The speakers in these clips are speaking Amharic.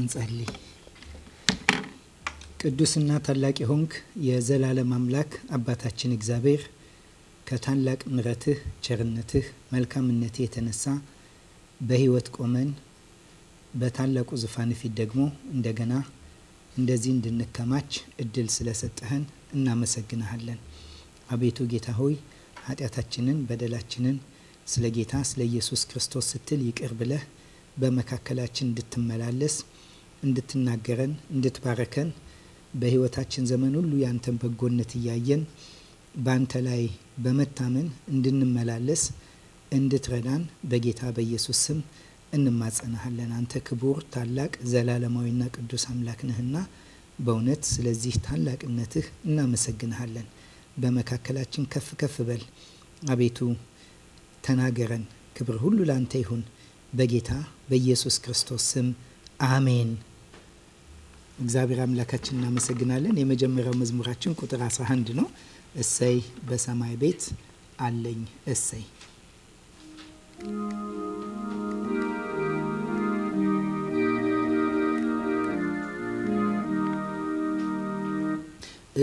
እንጸልይ። ቅዱስና ታላቅ የሆንክ የዘላለም አምላክ አባታችን እግዚአብሔር ከታላቅ ምረትህ፣ ቸርነትህ፣ መልካምነትህ የተነሳ በህይወት ቆመን በታላቁ ዙፋን ፊት ደግሞ እንደገና እንደዚህ እንድንከማች እድል ስለሰጠህን እናመሰግናሃለን። አቤቱ ጌታ ሆይ ኃጢአታችንን፣ በደላችንን ስለ ጌታ ስለ ኢየሱስ ክርስቶስ ስትል ይቅር ብለህ በመካከላችን እንድትመላለስ እንድትናገረን፣ እንድትባረከን በህይወታችን ዘመን ሁሉ ያንተን በጎነት እያየን በአንተ ላይ በመታመን እንድንመላለስ እንድትረዳን በጌታ በኢየሱስ ስም እንማጸናሃለን። አንተ ክቡር ታላቅ ዘላለማዊና ቅዱስ አምላክ ነህና በእውነት ስለዚህ ታላቅነትህ እናመሰግንሃለን። በመካከላችን ከፍ ከፍ በል አቤቱ፣ ተናገረን። ክብር ሁሉ ለአንተ ይሁን። በጌታ በኢየሱስ ክርስቶስ ስም አሜን። እግዚአብሔር አምላካችን እናመሰግናለን። የመጀመሪያው መዝሙራችን ቁጥር 11 ነው። እሰይ በሰማይ ቤት አለኝ እሰይ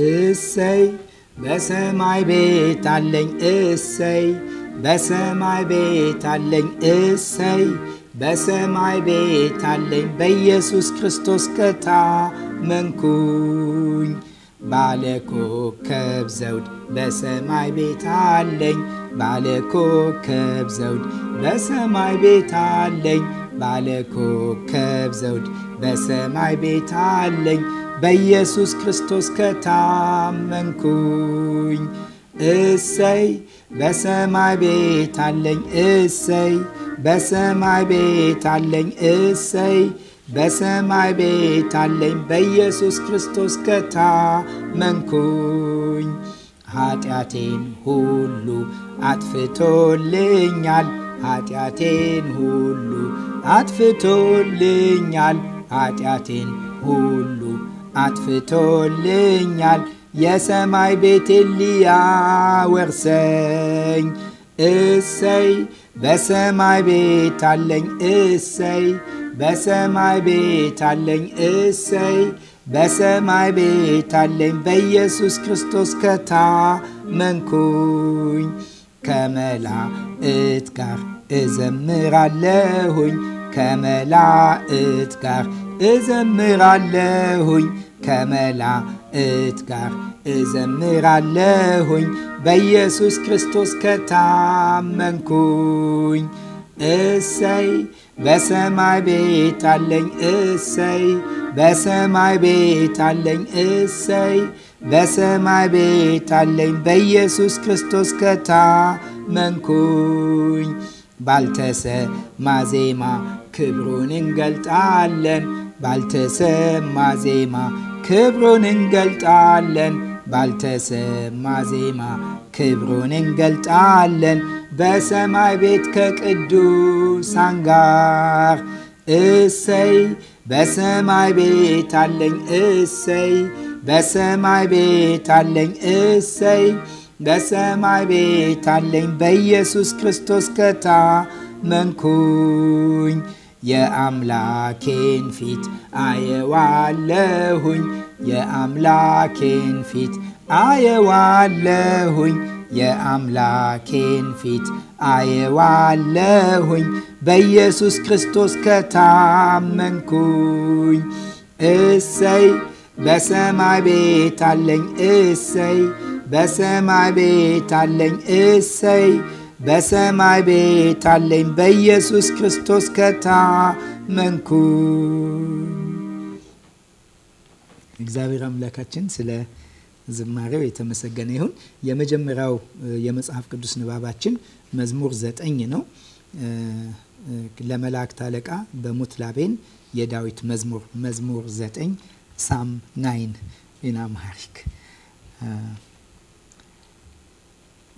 እሰይ በሰማይ ቤት አለኝ እሰይ በሰማይ ቤት አለኝ እሰይ በሰማይ ቤት አለኝ በኢየሱስ ክርስቶስ ከታመንኩኝ ባለኮከብ ዘውድ በሰማይ ቤት አለኝ ባለኮከብ ዘውድ በሰማይ ቤት አለኝ ባለኮከብ ዘውድ በሰማይ ቤት አለኝ በኢየሱስ ክርስቶስ ከታመንኩኝ እሰይ በሰማይ ቤት አለኝ እሰይ በሰማይ ቤት አለኝ እሰይ በሰማይ ቤት አለኝ በኢየሱስ ክርስቶስ ከታመንኩኝ። ኃጢአቴን ሁሉ አጥፍቶልኛል ኃጢአቴን ሁሉ አጥፍቶልኛል ኃጢአቴን ሁሉ አጥፍቶልኛል የሰማይ ቤቴን ሊያወርሰኝ እሰይ በሰማይ ቤት አለኝ እሰይ በሰማይ ቤት አለኝ እሰይ በሰማይ ቤት አለኝ በኢየሱስ ክርስቶስ ከታመንኩኝ ከመላእክት ጋር እዘምራለሁኝ ከመላእክት ጋር እዘምራለሁኝ ከመላ እት ጋር እዘምራለሁኝ በኢየሱስ ክርስቶስ ከታመንኩኝ። እሰይ በሰማይ ቤት አለኝ እሰይ በሰማይ ቤት አለኝ እሰይ በሰማይ ቤት አለኝ በኢየሱስ ክርስቶስ ከታመንኩኝ። ባልተሰማ ዜማ ክብሩን እንገልጣለን ባልተሰማ ዜማ ክብሩን እንገልጣለን ባልተሰማ ዜማ ክብሩን እንገልጣለን በሰማይ ቤት ከቅዱሳን ጋር እሰይ በሰማይ ቤት አለኝ እሰይ በሰማይ ቤት አለኝ እሰይ በሰማይ ቤት አለኝ በኢየሱስ ክርስቶስ ከታመንኩኝ የአምላኬን ፊት አየዋለሁኝ የአምላኬን ፊት አየዋለሁኝ የአምላኬን ፊት አየዋለሁኝ በኢየሱስ ክርስቶስ ከታመንኩኝ እሰይ በሰማይ ቤት አለኝ እሰይ በሰማይ ቤት አለኝ እሰይ በሰማይ ቤት አለኝ በኢየሱስ ክርስቶስ ከታመንኩ። እግዚአብሔር አምላካችን ስለ ዝማሬው የተመሰገነ ይሁን። የመጀመሪያው የመጽሐፍ ቅዱስ ንባባችን መዝሙር ዘጠኝ ነው። ለመላእክት አለቃ በሙትላቤን የዳዊት መዝሙር መዝሙር ዘጠኝ ሳም ናይን ኢን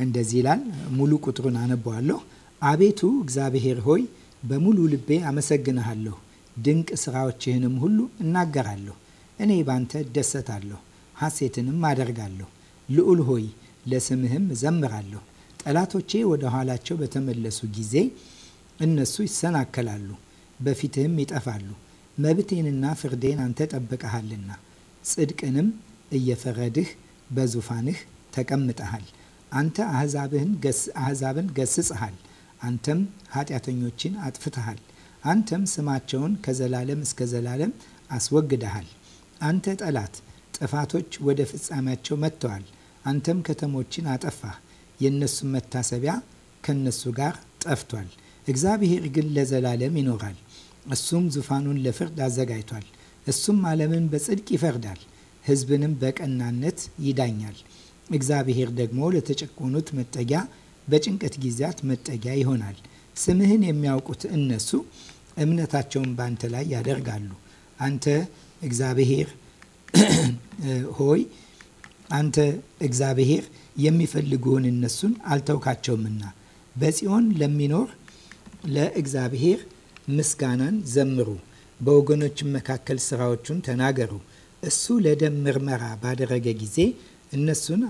እንደዚህ ይላል። ሙሉ ቁጥሩን አነበዋለሁ። አቤቱ እግዚአብሔር ሆይ በሙሉ ልቤ አመሰግንሃለሁ፣ ድንቅ ስራዎችህንም ሁሉ እናገራለሁ። እኔ ባንተ እደሰታለሁ፣ ሐሴትንም አደርጋለሁ። ልዑል ሆይ ለስምህም እዘምራለሁ። ጠላቶቼ ወደ ኋላቸው በተመለሱ ጊዜ እነሱ ይሰናከላሉ፣ በፊትህም ይጠፋሉ። መብቴንና ፍርዴን አንተ ጠብቀሃልና፣ ጽድቅንም እየፈረድህ በዙፋንህ ተቀምጠሃል። አንተ አህዛብን ገስጽሃል፣ አንተም ኃጢአተኞችን አጥፍተሃል፣ አንተም ስማቸውን ከዘላለም እስከ ዘላለም አስወግደሃል። አንተ ጠላት፣ ጥፋቶች ወደ ፍጻሜያቸው መጥተዋል። አንተም ከተሞችን አጠፋህ፣ የእነሱን መታሰቢያ ከነሱ ጋር ጠፍቷል። እግዚአብሔር ግን ለዘላለም ይኖራል። እሱም ዙፋኑን ለፍርድ አዘጋጅቷል። እሱም ዓለምን በጽድቅ ይፈርዳል፣ ሕዝብንም በቀናነት ይዳኛል። እግዚአብሔር ደግሞ ለተጨቆኑት መጠጊያ፣ በጭንቀት ጊዜያት መጠጊያ ይሆናል። ስምህን የሚያውቁት እነሱ እምነታቸውን በአንተ ላይ ያደርጋሉ። አንተ እግዚአብሔር ሆይ አንተ እግዚአብሔር የሚፈልጉውን እነሱን አልተውካቸውምና በጽዮን ለሚኖር ለእግዚአብሔር ምስጋናን ዘምሩ። በወገኖች መካከል ስራዎቹን ተናገሩ። እሱ ለደም ምርመራ ባደረገ ጊዜ እነሱን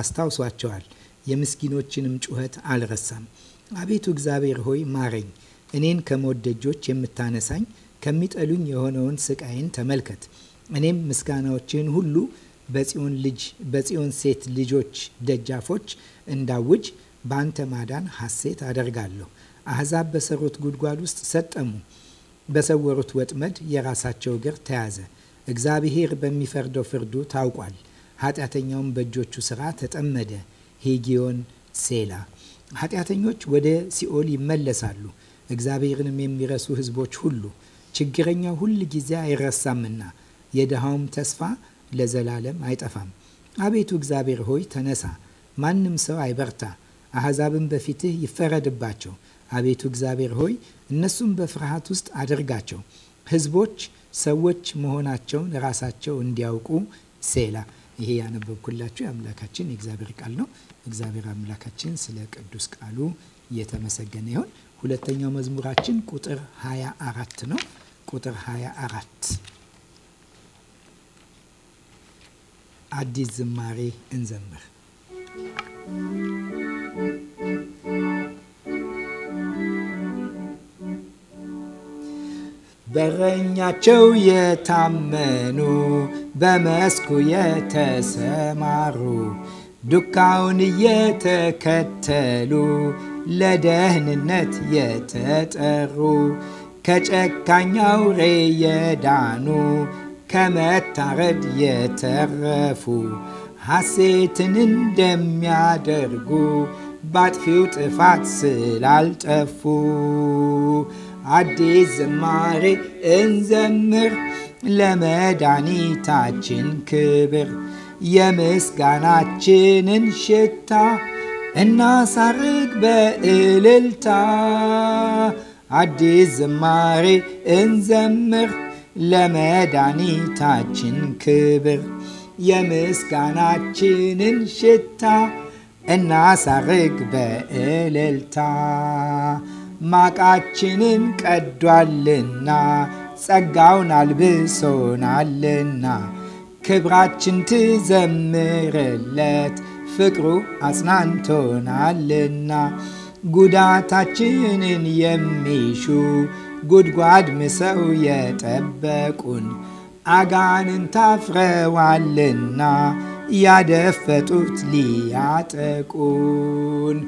አስታውሷቸዋል። የምስኪኖችንም ጩኸት አልረሳም። አቤቱ እግዚአብሔር ሆይ ማረኝ፣ እኔን ከሞት ደጆች የምታነሳኝ ከሚጠሉኝ የሆነውን ስቃይን ተመልከት። እኔም ምስጋናዎችህን ሁሉ በጽዮን ልጅ በጽዮን ሴት ልጆች ደጃፎች እንዳውጅ በአንተ ማዳን ሐሴት አደርጋለሁ። አሕዛብ በሰሩት ጉድጓድ ውስጥ ሰጠሙ፣ በሰወሩት ወጥመድ የራሳቸው እግር ተያዘ። እግዚአብሔር በሚፈርደው ፍርዱ ታውቋል። ኃጢአተኛውም በእጆቹ ሥራ ተጠመደ። ሄጊዮን ሴላ። ኃጢአተኞች ወደ ሲኦል ይመለሳሉ። እግዚአብሔርንም የሚረሱ ሕዝቦች ሁሉ ችግረኛው ሁል ጊዜ አይረሳምና የድሃውም ተስፋ ለዘላለም አይጠፋም። አቤቱ እግዚአብሔር ሆይ ተነሳ፣ ማንም ሰው አይበርታ። አሕዛብን በፊትህ ይፈረድባቸው። አቤቱ እግዚአብሔር ሆይ እነሱም በፍርሃት ውስጥ አድርጋቸው፣ ሕዝቦች ሰዎች መሆናቸውን ራሳቸው እንዲያውቁ ሴላ ይሄ ያነበብኩላችሁ የአምላካችን የእግዚአብሔር ቃል ነው። እግዚአብሔር አምላካችን ስለ ቅዱስ ቃሉ እየተመሰገነ ይሆን። ሁለተኛው መዝሙራችን ቁጥር 24 ነው። ቁጥር 24 አዲስ ዝማሬ እንዘምር በረኛቸው የታመኑ በመስኩ የተሰማሩ ዱካውን እየተከተሉ ለደህንነት የተጠሩ ከጨካኛው ሬ የዳኑ ከመታረድ የተረፉ ሐሴትን እንደሚያደርጉ ባጥፊው ጥፋት ስላልጠፉ አዲስ ዝማሬ እንዘምር ለመድኃኒታችን ክብር የምስጋናችንን ሽታ እናሳርግ በእልልታ። አዲስ ዝማሬ እንዘምር ለመድኃኒታችን ክብር የምስጋናችንን ሽታ እናሳርግ በእልልታ። ማቃችንን ቀዷልና ጸጋውን አልብሶናልና ክብራችን ትዘምርለት ፍቅሩ አጽናንቶናልና ጉዳታችንን የሚሹ ጉድጓድ ምሰው የጠበቁን አጋንን ታፍረዋልና ያደፈጡት ሊያጠቁን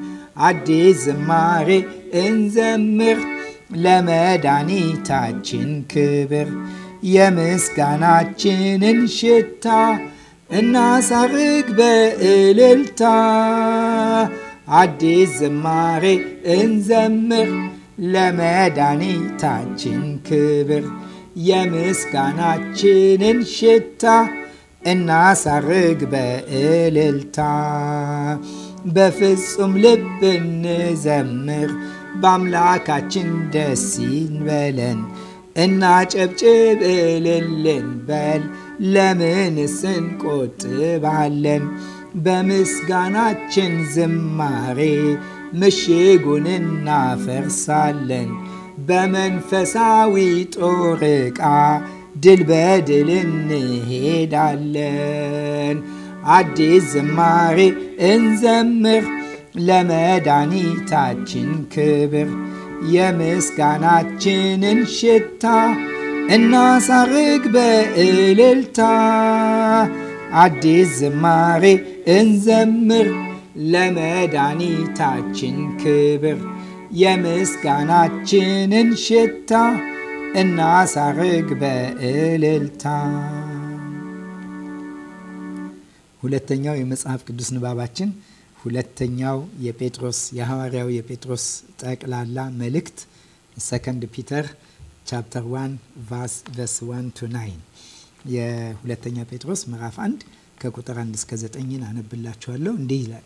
አዲስ ዝማሬ እንዘምር ለመድኃኒታችን ክብር የምስጋናችንን ሽታ እናሳርግ በእልልታ። አዲስ ዝማሬ እንዘምር ለመድኃኒታችን ክብር የምስጋናችንን ሽታ እናሳርግ በእልልታ። በፍጹም ልብ እንዘምር፣ በአምላካችን ደስ ይበለን። ጨብጭብ እልል እንበል፣ ለምንስ እንቆጥባለን? በምስጋናችን ዝማሬ ምሽጉን እናፈርሳለን። በመንፈሳዊ ጦር ዕቃ ድል በድል እንሄዳለን። አዲስ ዝማሬ እንዘምር ለመድኃኒታችን ክብር የምስጋናችንን ሽታ እናሳርግ በእልልታ። አዲስ ዝማሬ እንዘምር ለመድኃኒታችን ክብር የምስጋናችንን ሽታ እናሳርግ በእልልታ። ሁለተኛው የመጽሐፍ ቅዱስ ንባባችን ሁለተኛው የጴጥሮስ የሐዋርያው የጴጥሮስ ጠቅላላ መልእክት ሰከንድ ፒተር ቻፕተር 1 ቫስ ቨርስ 1 ቱ 9 የሁለተኛ ጴጥሮስ ምዕራፍ 1 ከቁጥር 1 እስከ 9 አነብላችኋለሁ። እንዲህ ይላል።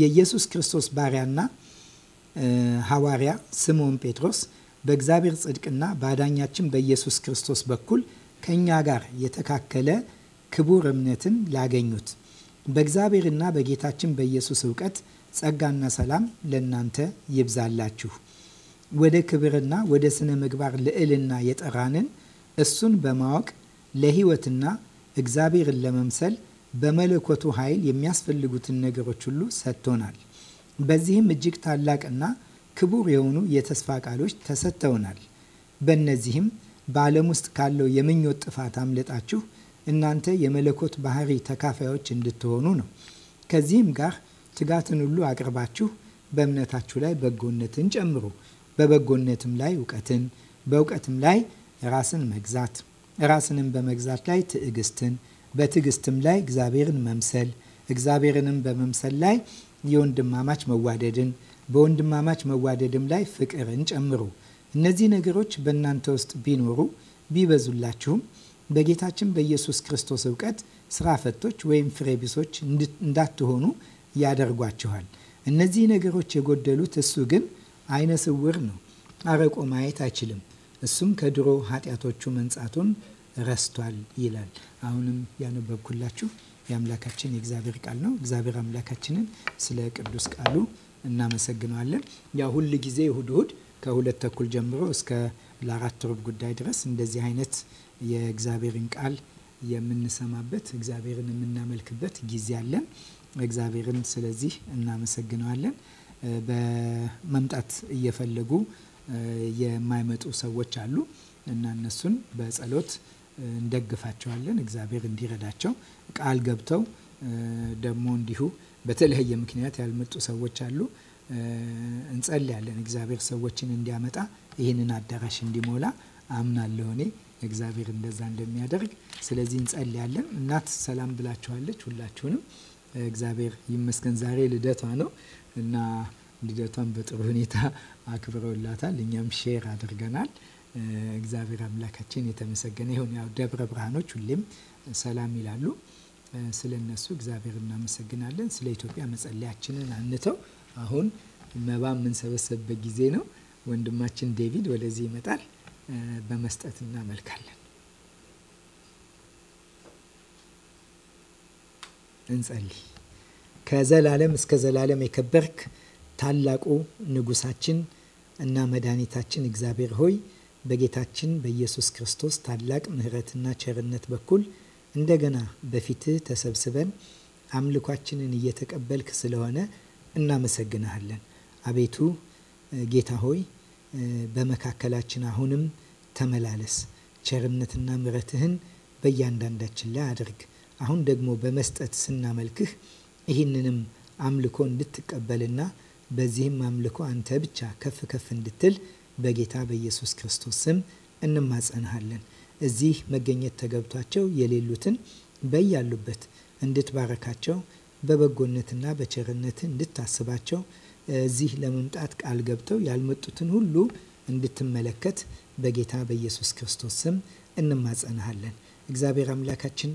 የኢየሱስ ክርስቶስ ባሪያና ሐዋርያ ስምዖን ጴጥሮስ በእግዚአብሔር ጽድቅና በአዳኛችን በኢየሱስ ክርስቶስ በኩል ከእኛ ጋር የተካከለ ክቡር እምነትን ላገኙት በእግዚአብሔርና በጌታችን በኢየሱስ እውቀት ጸጋና ሰላም ለእናንተ ይብዛላችሁ። ወደ ክብርና ወደ ስነ ምግባር ልዕልና የጠራንን እሱን በማወቅ ለሕይወትና እግዚአብሔርን ለመምሰል በመለኮቱ ኃይል የሚያስፈልጉትን ነገሮች ሁሉ ሰጥቶናል። በዚህም እጅግ ታላቅና ክቡር የሆኑ የተስፋ ቃሎች ተሰጥተውናል። በእነዚህም በዓለም ውስጥ ካለው የምኞት ጥፋት አምልጣችሁ እናንተ የመለኮት ባህሪ ተካፋዮች እንድትሆኑ ነው። ከዚህም ጋር ትጋትን ሁሉ አቅርባችሁ በእምነታችሁ ላይ በጎነትን ጨምሩ፣ በበጎነትም ላይ እውቀትን፣ በእውቀትም ላይ ራስን መግዛት፣ ራስንም በመግዛት ላይ ትዕግስትን፣ በትዕግስትም ላይ እግዚአብሔርን መምሰል፣ እግዚአብሔርንም በመምሰል ላይ የወንድማማች መዋደድን፣ በወንድማማች መዋደድም ላይ ፍቅርን ጨምሩ። እነዚህ ነገሮች በእናንተ ውስጥ ቢኖሩ ቢበዙላችሁም በጌታችን በኢየሱስ ክርስቶስ እውቀት ስራ ፈቶች ወይም ፍሬቢሶች እንዳትሆኑ ያደርጓችኋል። እነዚህ ነገሮች የጎደሉት እሱ ግን አይነ ስውር ነው፣ አረቆ ማየት አይችልም። እሱም ከድሮ ኃጢአቶቹ መንጻቱን ረስቷል ይላል። አሁንም ያነበብኩላችሁ የአምላካችን የእግዚአብሔር ቃል ነው። እግዚአብሔር አምላካችንን ስለ ቅዱስ ቃሉ እናመሰግነዋለን። ያ ሁል ጊዜ እሁድ እሁድ ከሁለት ተኩል ጀምሮ እስከ ለአራት ሩብ ጉዳይ ድረስ እንደዚህ አይነት የእግዚአብሔርን ቃል የምንሰማበት እግዚአብሔርን የምናመልክበት ጊዜ አለን። እግዚአብሔርን ስለዚህ እናመሰግነዋለን። በመምጣት እየፈለጉ የማይመጡ ሰዎች አሉ እና እነሱን በጸሎት እንደግፋቸዋለን። እግዚአብሔር እንዲረዳቸው ቃል ገብተው ደግሞ እንዲሁ በተለያየ ምክንያት ያልመጡ ሰዎች አሉ። እንጸልያለን። እግዚአብሔር ሰዎችን እንዲያመጣ ይህንን አዳራሽ እንዲሞላ አምናለሁ እኔ። እግዚአብሔር እንደዛ እንደሚያደርግ ስለዚህ እንጸልያለን። እናት ሰላም ብላችኋለች ሁላችሁንም። እግዚአብሔር ይመስገን ዛሬ ልደቷ ነው እና ልደቷን በጥሩ ሁኔታ አክብረውላታል። እኛም ሼር አድርገናል። እግዚአብሔር አምላካችን የተመሰገነ ይሁን። ያው ደብረ ብርሃኖች ሁሌም ሰላም ይላሉ። ስለ እነሱ እግዚአብሔር እናመሰግናለን። ስለ ኢትዮጵያ መጸለያችንን አንተው። አሁን መባ የምንሰበሰብበት ጊዜ ነው። ወንድማችን ዴቪድ ወደዚህ ይመጣል። በመስጠት እናመልካለን። እንጸልይ። ከዘላለም እስከ ዘላለም የከበርክ ታላቁ ንጉሳችን እና መድኃኒታችን እግዚአብሔር ሆይ በጌታችን በኢየሱስ ክርስቶስ ታላቅ ምሕረትና ቸርነት በኩል እንደገና በፊትህ ተሰብስበን አምልኳችንን እየተቀበልክ ስለሆነ እናመሰግንሃለን። አቤቱ ጌታ ሆይ በመካከላችን አሁንም ተመላለስ። ቸርነትና ምረትህን በእያንዳንዳችን ላይ አድርግ። አሁን ደግሞ በመስጠት ስናመልክህ ይህንንም አምልኮ እንድትቀበልና በዚህም አምልኮ አንተ ብቻ ከፍ ከፍ እንድትል በጌታ በኢየሱስ ክርስቶስ ስም እንማጸንሃለን። እዚህ መገኘት ተገብቷቸው የሌሉትን በያሉበት እንድትባረካቸው በበጎነትና በቸርነት እንድታስባቸው እዚህ ለመምጣት ቃል ገብተው ያልመጡትን ሁሉ እንድትመለከት በጌታ በኢየሱስ ክርስቶስ ስም እንማጸናሃለን። እግዚአብሔር አምላካችን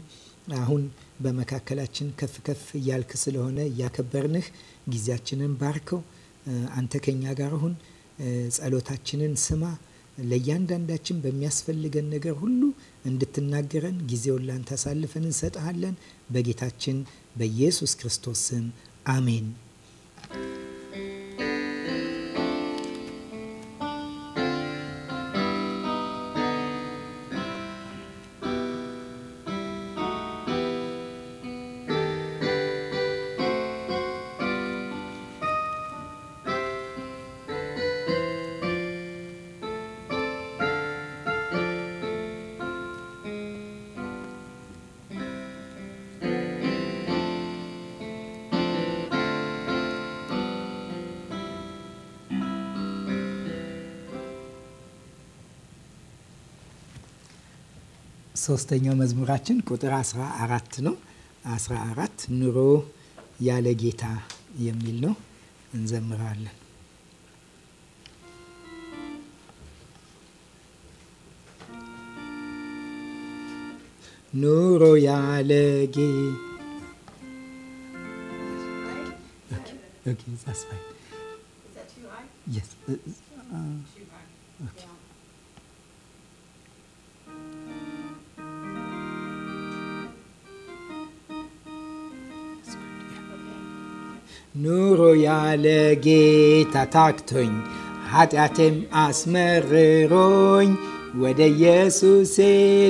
አሁን በመካከላችን ከፍ ከፍ እያልክ ስለሆነ እያከበርንህ ጊዜያችንን ባርከው። አንተ ከኛ ጋር ሁን። ጸሎታችንን ስማ። ለእያንዳንዳችን በሚያስፈልገን ነገር ሁሉ እንድትናገረን ጊዜውን ላንተ አሳልፈን እንሰጥሃለን። በጌታችን በኢየሱስ ክርስቶስ ስም አሜን። ሶስተኛው መዝሙራችን ቁጥር 14 ነው። 14 ኑሮ ያለ ጌታ የሚል ነው። እንዘምራለን። ኑሮ ያለ ጌታ ኑሮ ያለ ጌታ ታክቶኝ ኃጢአቴም አስመርሮኝ ወደ ኢየሱሴ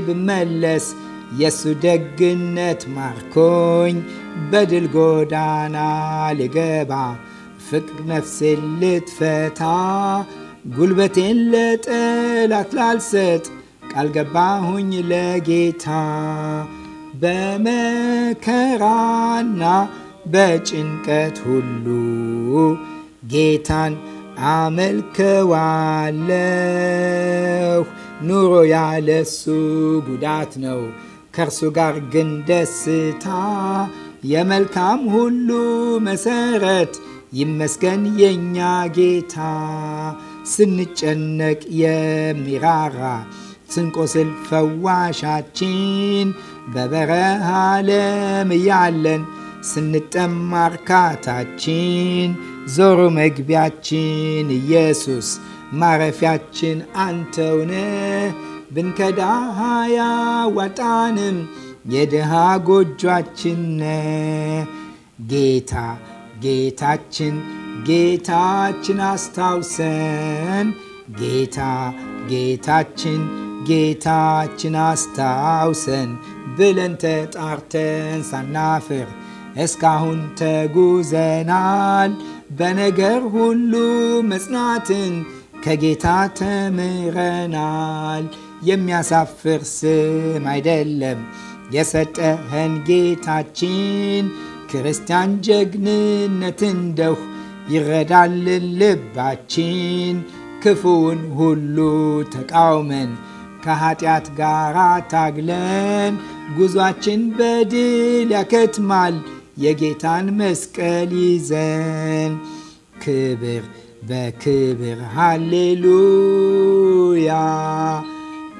ብመለስ የእሱ ደግነት ማርኮኝ በድል ጎዳና ልገባ ፍቅር ነፍሴ ልትፈታ ጉልበቴን ለጠላት ላልሰጥ ቃል ገባሁኝ ለጌታ በመከራና በጭንቀት ሁሉ ጌታን አመልከዋለሁ። ኑሮ ያለሱ ጉዳት ነው፣ ከእርሱ ጋር ግን ደስታ። የመልካም ሁሉ መሰረት ይመስገን የእኛ ጌታ። ስንጨነቅ የሚራራ ስንቆስል ፈዋሻችን በበረሃ ለም እያለን ስንጠማ እርካታችን ዞሮ መግቢያችን ኢየሱስ ማረፊያችን አንተውነ ብንከዳህ ዋጣንም የድሃ ጎጇችን ጌታ ጌታችን ጌታችን አስታውሰን ጌታ ጌታችን ጌታችን አስታውሰን ብለን ተጣርተን ሳናፍር እስካሁን ተጉዘናል በነገር ሁሉ መጽናትን ከጌታ ተምረናል። የሚያሳፍር ስም አይደለም የሰጠህን ጌታችን ክርስቲያን ጀግንነት እንደሁ ይረዳል ልባችን ክፉውን ሁሉ ተቃውመን ከኃጢአት ጋር ታግለን ጉዟችን በድል ያከትማል የጌታን መስቀል ይዘን ክብር በክብር ሃሌሉያ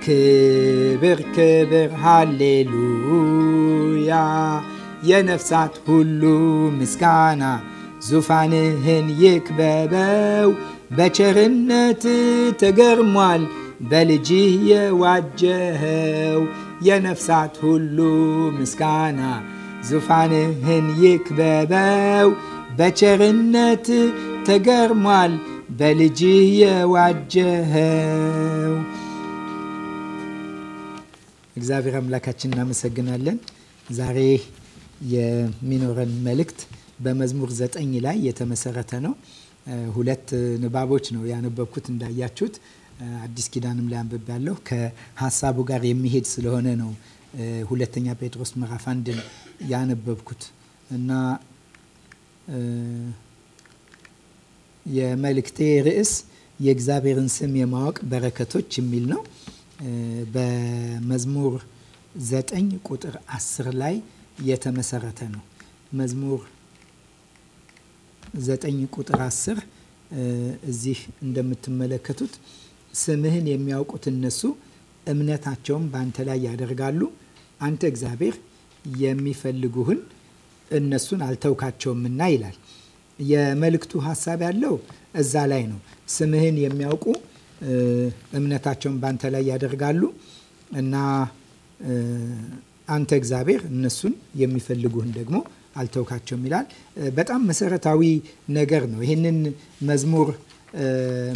ክብር ክብር ሃሌሉያ የነፍሳት ሁሉ ምስጋና ዙፋንህን ይክበበው። በቸርነት ተገርሟል በልጅህ የዋጀኸው የነፍሳት ሁሉ ምስጋና ዙፋንህን ይክበበው በቸርነት ተገርሟል በልጅህ የዋጀኸው። እግዚአብሔር አምላካችን እናመሰግናለን። ዛሬ የሚኖረን መልእክት በመዝሙር ዘጠኝ ላይ የተመሰረተ ነው። ሁለት ንባቦች ነው ያነበብኩት እንዳያችሁት አዲስ ኪዳንም ላይ አንብብ ያለሁ ከሀሳቡ ጋር የሚሄድ ስለሆነ ነው። ሁለተኛ ጴጥሮስ ምዕራፍ አንድን ያነበብኩት እና የመልእክቴ ርዕስ የእግዚአብሔርን ስም የማወቅ በረከቶች የሚል ነው። በመዝሙር ዘጠኝ ቁጥር አስር ላይ የተመሰረተ ነው። መዝሙር ዘጠኝ ቁጥር አስር እዚህ እንደምትመለከቱት ስምህን የሚያውቁት እነሱ እምነታቸውን በአንተ ላይ ያደርጋሉ አንተ እግዚአብሔር የሚፈልጉህን እነሱን አልተውካቸውምና ይላል። የመልእክቱ ሀሳብ ያለው እዛ ላይ ነው። ስምህን የሚያውቁ እምነታቸውን በአንተ ላይ ያደርጋሉ እና አንተ እግዚአብሔር እነሱን የሚፈልጉህን ደግሞ አልተውካቸውም ይላል። በጣም መሰረታዊ ነገር ነው። ይህንን መዝሙር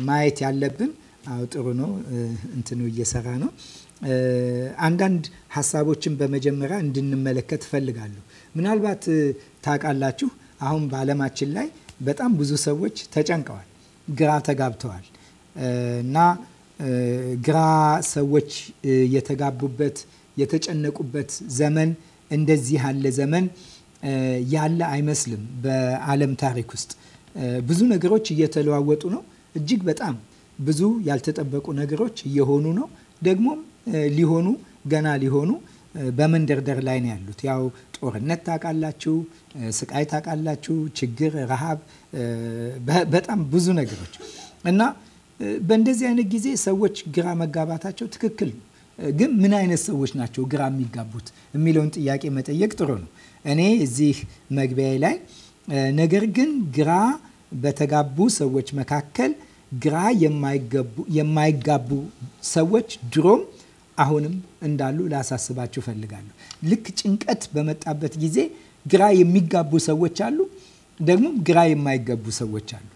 ማየት ያለብን። ጥሩ ነው። እንትኑ እየሰራ ነው። አንዳንድ ሀሳቦችን በመጀመሪያ እንድንመለከት እፈልጋለሁ። ምናልባት ታውቃላችሁ አሁን በዓለማችን ላይ በጣም ብዙ ሰዎች ተጨንቀዋል፣ ግራ ተጋብተዋል እና ግራ ሰዎች የተጋቡበት የተጨነቁበት ዘመን እንደዚህ ያለ ዘመን ያለ አይመስልም። በዓለም ታሪክ ውስጥ ብዙ ነገሮች እየተለዋወጡ ነው። እጅግ በጣም ብዙ ያልተጠበቁ ነገሮች እየሆኑ ነው። ደግሞም ሊሆኑ ገና ሊሆኑ በመንደርደር ላይ ነው ያሉት። ያው ጦርነት ታውቃላችሁ፣ ስቃይ ታውቃላችሁ፣ ችግር፣ ረሃብ፣ በጣም ብዙ ነገሮች እና በእንደዚህ አይነት ጊዜ ሰዎች ግራ መጋባታቸው ትክክል ነው። ግን ምን አይነት ሰዎች ናቸው ግራ የሚጋቡት የሚለውን ጥያቄ መጠየቅ ጥሩ ነው። እኔ እዚህ መግቢያ ላይ ነገር ግን ግራ በተጋቡ ሰዎች መካከል ግራ የማይጋቡ ሰዎች ድሮም አሁንም እንዳሉ ላሳስባችሁ ፈልጋለሁ። ልክ ጭንቀት በመጣበት ጊዜ ግራ የሚጋቡ ሰዎች አሉ፣ ደግሞ ግራ የማይጋቡ ሰዎች አሉ።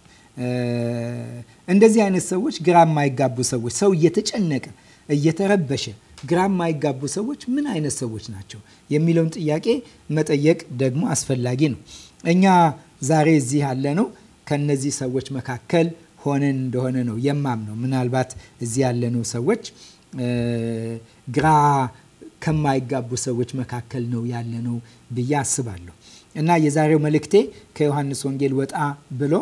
እንደዚህ አይነት ሰዎች ግራ የማይጋቡ ሰዎች፣ ሰው እየተጨነቀ እየተረበሸ ግራ የማይጋቡ ሰዎች ምን አይነት ሰዎች ናቸው የሚለውን ጥያቄ መጠየቅ ደግሞ አስፈላጊ ነው። እኛ ዛሬ እዚህ ያለ ነው ከነዚህ ሰዎች መካከል ሆነን እንደሆነ ነው የማምነው። ምናልባት እዚህ ያለነው ሰዎች ግራ ከማይጋቡ ሰዎች መካከል ነው ያለ ነው ብዬ አስባለሁ እና የዛሬው መልእክቴ ከዮሐንስ ወንጌል ወጣ ብሎ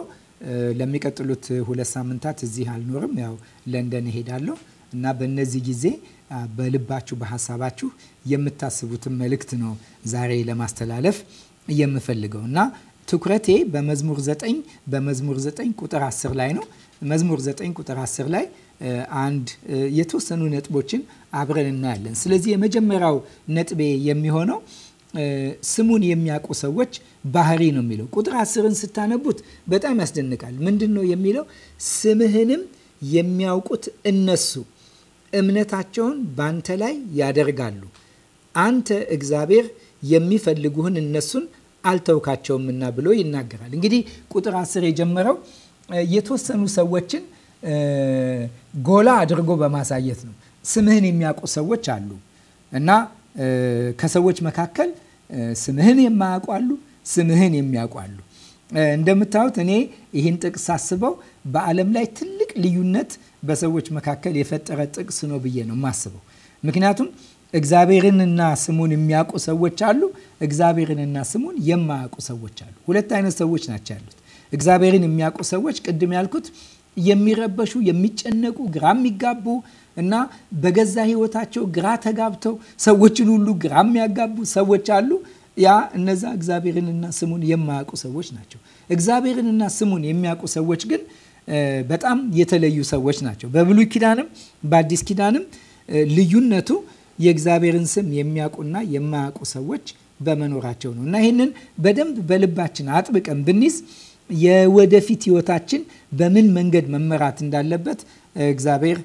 ለሚቀጥሉት ሁለት ሳምንታት እዚህ አልኖርም፣ ያው ለንደን እሄዳለሁ እና በእነዚህ ጊዜ በልባችሁ በሀሳባችሁ የምታስቡትን መልእክት ነው ዛሬ ለማስተላለፍ የምፈልገው እና ትኩረቴ በመዝሙር ዘጠኝ በመዝሙር ዘጠኝ ቁጥር አስር ላይ ነው። መዝሙር ዘጠኝ ቁጥር 10 ላይ አንድ የተወሰኑ ነጥቦችን አብረን እናያለን። ስለዚህ የመጀመሪያው ነጥቤ የሚሆነው ስሙን የሚያውቁ ሰዎች ባህሪ ነው የሚለው። ቁጥር አስርን ስታነቡት በጣም ያስደንቃል። ምንድን ነው የሚለው? ስምህንም የሚያውቁት እነሱ እምነታቸውን ባንተ ላይ ያደርጋሉ። አንተ እግዚአብሔር የሚፈልጉህን እነሱን አልተውካቸውምና ብሎ ይናገራል። እንግዲህ ቁጥር አስር የጀመረው የተወሰኑ ሰዎችን ጎላ አድርጎ በማሳየት ነው። ስምህን የሚያውቁ ሰዎች አሉ እና ከሰዎች መካከል ስምህን የማያውቁ አሉ፣ ስምህን የሚያውቁ አሉ። እንደምታዩት እኔ ይህን ጥቅስ ሳስበው በዓለም ላይ ትልቅ ልዩነት በሰዎች መካከል የፈጠረ ጥቅስ ነው ብዬ ነው የማስበው። ምክንያቱም እግዚአብሔርንና ስሙን የሚያውቁ ሰዎች አሉ፣ እግዚአብሔርንና ስሙን የማያውቁ ሰዎች አሉ። ሁለት አይነት ሰዎች ናቸው ያሉት። እግዚአብሔርን የሚያውቁ ሰዎች ቅድም ያልኩት የሚረበሹ፣ የሚጨነቁ፣ ግራ የሚጋቡ እና በገዛ ህይወታቸው ግራ ተጋብተው ሰዎችን ሁሉ ግራ የሚያጋቡ ሰዎች አሉ። ያ እነዛ እግዚአብሔርንና ስሙን የማያውቁ ሰዎች ናቸው። እግዚአብሔርንና ስሙን የሚያውቁ ሰዎች ግን በጣም የተለዩ ሰዎች ናቸው። በብሉይ ኪዳንም በአዲስ ኪዳንም ልዩነቱ የእግዚአብሔርን ስም የሚያውቁና የማያውቁ ሰዎች በመኖራቸው ነው እና ይህንን በደንብ በልባችን አጥብቀን ብንይዝ የወደፊት ህይወታችን በምን መንገድ መመራት እንዳለበት እግዚአብሔር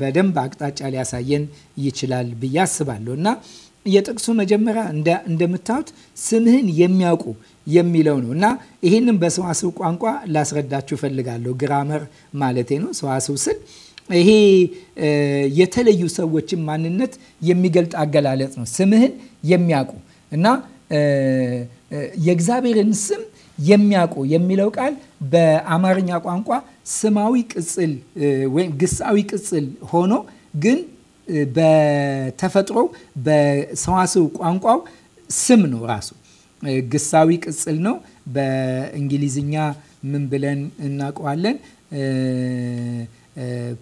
በደንብ አቅጣጫ ሊያሳየን ይችላል ብዬ አስባለሁ እና የጥቅሱ መጀመሪያ እንደምታዩት ስምህን የሚያውቁ የሚለው ነው እና ይህንም በሰዋስው ቋንቋ ላስረዳችሁ ፈልጋለሁ ግራመር ማለቴ ነው። ሰዋስው ስል ይሄ የተለዩ ሰዎችን ማንነት የሚገልጥ አገላለጽ ነው። ስምህን የሚያውቁ እና የእግዚአብሔርን ስም የሚያውቁ የሚለው ቃል በአማርኛ ቋንቋ ስማዊ ቅጽል ወይም ግሳዊ ቅጽል ሆኖ ግን በተፈጥሮ በሰዋስው ቋንቋው ስም ነው ራሱ ግሳዊ ቅጽል ነው። በእንግሊዝኛ ምን ብለን እናውቀዋለን?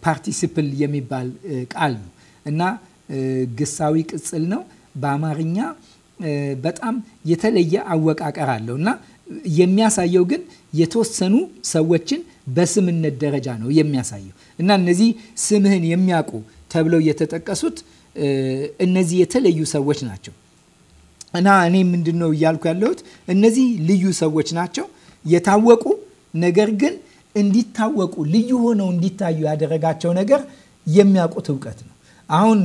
ፓርቲሲፕል የሚባል ቃል ነው እና ግሳዊ ቅጽል ነው። በአማርኛ በጣም የተለየ አወቃቀር አለው እና የሚያሳየው ግን የተወሰኑ ሰዎችን በስምነት ደረጃ ነው የሚያሳየው እና እነዚህ ስምህን የሚያውቁ ተብለው የተጠቀሱት እነዚህ የተለዩ ሰዎች ናቸው። እና እኔ ምንድን ነው እያልኩ ያለሁት እነዚህ ልዩ ሰዎች ናቸው የታወቁ ነገር ግን እንዲታወቁ ልዩ ሆነው እንዲታዩ ያደረጋቸው ነገር የሚያውቁት እውቀት ነው። አሁን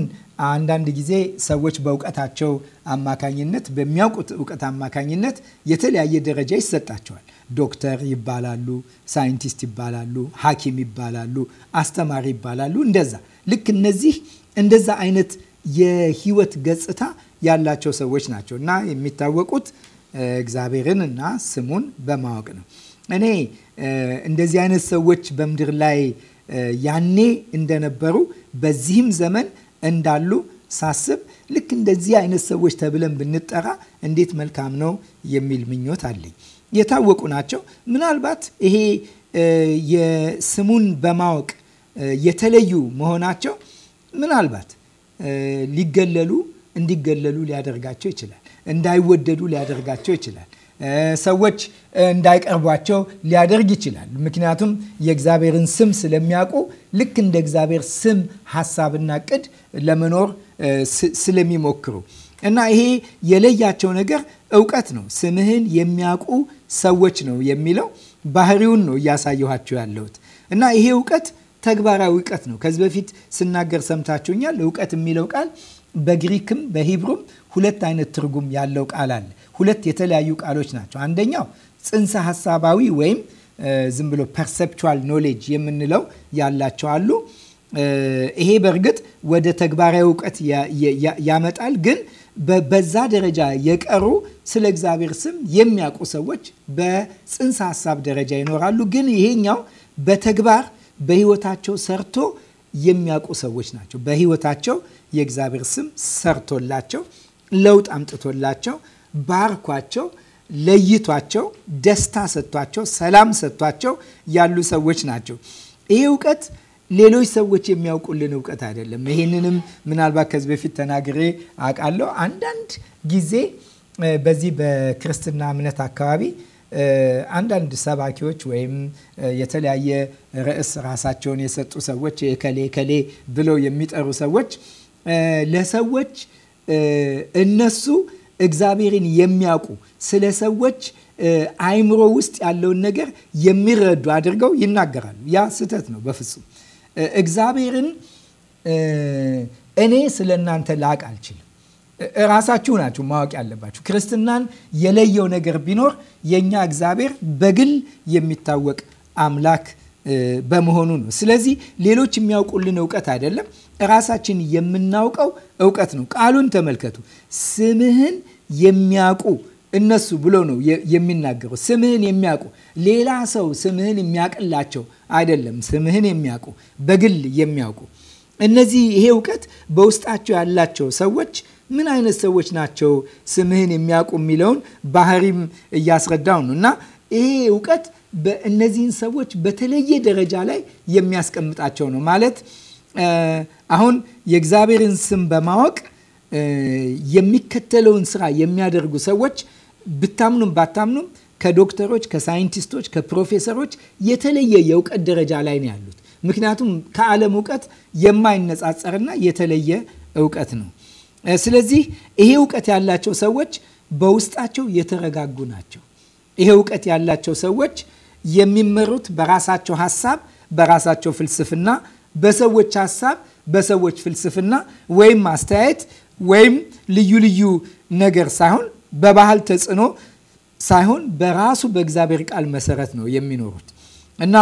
አንዳንድ ጊዜ ሰዎች በእውቀታቸው አማካኝነት በሚያውቁት እውቀት አማካኝነት የተለያየ ደረጃ ይሰጣቸዋል። ዶክተር ይባላሉ፣ ሳይንቲስት ይባላሉ፣ ሐኪም ይባላሉ፣ አስተማሪ ይባላሉ። እንደዛ ልክ እነዚህ እንደዛ አይነት የህይወት ገጽታ ያላቸው ሰዎች ናቸው እና የሚታወቁት እግዚአብሔርን እና ስሙን በማወቅ ነው። እኔ እንደዚህ አይነት ሰዎች በምድር ላይ ያኔ እንደነበሩ በዚህም ዘመን እንዳሉ ሳስብ ልክ እንደዚህ አይነት ሰዎች ተብለን ብንጠራ እንዴት መልካም ነው የሚል ምኞት አለኝ። የታወቁ ናቸው። ምናልባት ይሄ የስሙን በማወቅ የተለዩ መሆናቸው ምናልባት ሊገለሉ እንዲገለሉ ሊያደርጋቸው ይችላል። እንዳይወደዱ ሊያደርጋቸው ይችላል። ሰዎች እንዳይቀርቧቸው ሊያደርግ ይችላል። ምክንያቱም የእግዚአብሔርን ስም ስለሚያውቁ ልክ እንደ እግዚአብሔር ስም ሀሳብና ቅድ ለመኖር ስለሚሞክሩ እና ይሄ የለያቸው ነገር እውቀት ነው። ስምህን የሚያውቁ ሰዎች ነው የሚለው ባህሪውን ነው እያሳየኋቸው ያለሁት እና ይሄ እውቀት ተግባራዊ እውቀት ነው። ከዚህ በፊት ስናገር ሰምታችሁኛል። እውቀት የሚለው ቃል በግሪክም በሂብሩም ሁለት አይነት ትርጉም ያለው ቃል አለ። ሁለት የተለያዩ ቃሎች ናቸው። አንደኛው ጽንሰ ሀሳባዊ ወይም ዝም ብሎ ፐርሰፕቹዋል ኖሌጅ የምንለው ያላቸው አሉ። ይሄ በእርግጥ ወደ ተግባራዊ እውቀት ያመጣል፣ ግን በዛ ደረጃ የቀሩ ስለ እግዚአብሔር ስም የሚያውቁ ሰዎች በጽንሰ ሀሳብ ደረጃ ይኖራሉ። ግን ይሄኛው በተግባር በህይወታቸው ሰርቶ የሚያውቁ ሰዎች ናቸው። በህይወታቸው የእግዚአብሔር ስም ሰርቶላቸው ለውጥ አምጥቶላቸው ባርኳቸው ለይቷቸው ደስታ ሰጥቷቸው ሰላም ሰጥቷቸው ያሉ ሰዎች ናቸው። ይህ እውቀት ሌሎች ሰዎች የሚያውቁልን እውቀት አይደለም። ይህንንም ምናልባት ከዚህ በፊት ተናግሬ አውቃለሁ። አንዳንድ ጊዜ በዚህ በክርስትና እምነት አካባቢ አንዳንድ ሰባኪዎች ወይም የተለያየ ርዕስ ራሳቸውን የሰጡ ሰዎች የከሌ ከሌ ብለው የሚጠሩ ሰዎች ለሰዎች እነሱ እግዚአብሔርን የሚያውቁ ስለ ሰዎች አይምሮ ውስጥ ያለውን ነገር የሚረዱ አድርገው ይናገራሉ። ያ ስህተት ነው በፍጹም እግዚአብሔርን እኔ ስለ እናንተ ላቅ አልችልም። እራሳችሁ ናችሁ ማወቅ ያለባችሁ። ክርስትናን የለየው ነገር ቢኖር የእኛ እግዚአብሔር በግል የሚታወቅ አምላክ በመሆኑ ነው። ስለዚህ ሌሎች የሚያውቁልን እውቀት አይደለም፣ ራሳችን የምናውቀው እውቀት ነው። ቃሉን ተመልከቱ። ስምህን የሚያውቁ እነሱ ብሎ ነው የሚናገረው። ስምህን የሚያውቁ ሌላ ሰው ስምህን የሚያውቅላቸው አይደለም። ስምህን የሚያውቁ በግል የሚያውቁ እነዚህ ይሄ እውቀት በውስጣቸው ያላቸው ሰዎች ምን አይነት ሰዎች ናቸው? ስምህን የሚያውቁ የሚለውን ባህሪም እያስረዳው ነው እና ይሄ እውቀት እነዚህን ሰዎች በተለየ ደረጃ ላይ የሚያስቀምጣቸው ነው። ማለት አሁን የእግዚአብሔርን ስም በማወቅ የሚከተለውን ስራ የሚያደርጉ ሰዎች ብታምኑም ባታምኑም ከዶክተሮች፣ ከሳይንቲስቶች፣ ከፕሮፌሰሮች የተለየ የእውቀት ደረጃ ላይ ነው ያሉት። ምክንያቱም ከዓለም እውቀት የማይነጻጸርና የተለየ እውቀት ነው። ስለዚህ ይሄ እውቀት ያላቸው ሰዎች በውስጣቸው የተረጋጉ ናቸው። ይሄ እውቀት ያላቸው ሰዎች የሚመሩት በራሳቸው ሀሳብ፣ በራሳቸው ፍልስፍና፣ በሰዎች ሀሳብ፣ በሰዎች ፍልስፍና ወይም አስተያየት ወይም ልዩ ልዩ ነገር ሳይሆን በባህል ተጽዕኖ ሳይሆን በራሱ በእግዚአብሔር ቃል መሰረት ነው የሚኖሩት እና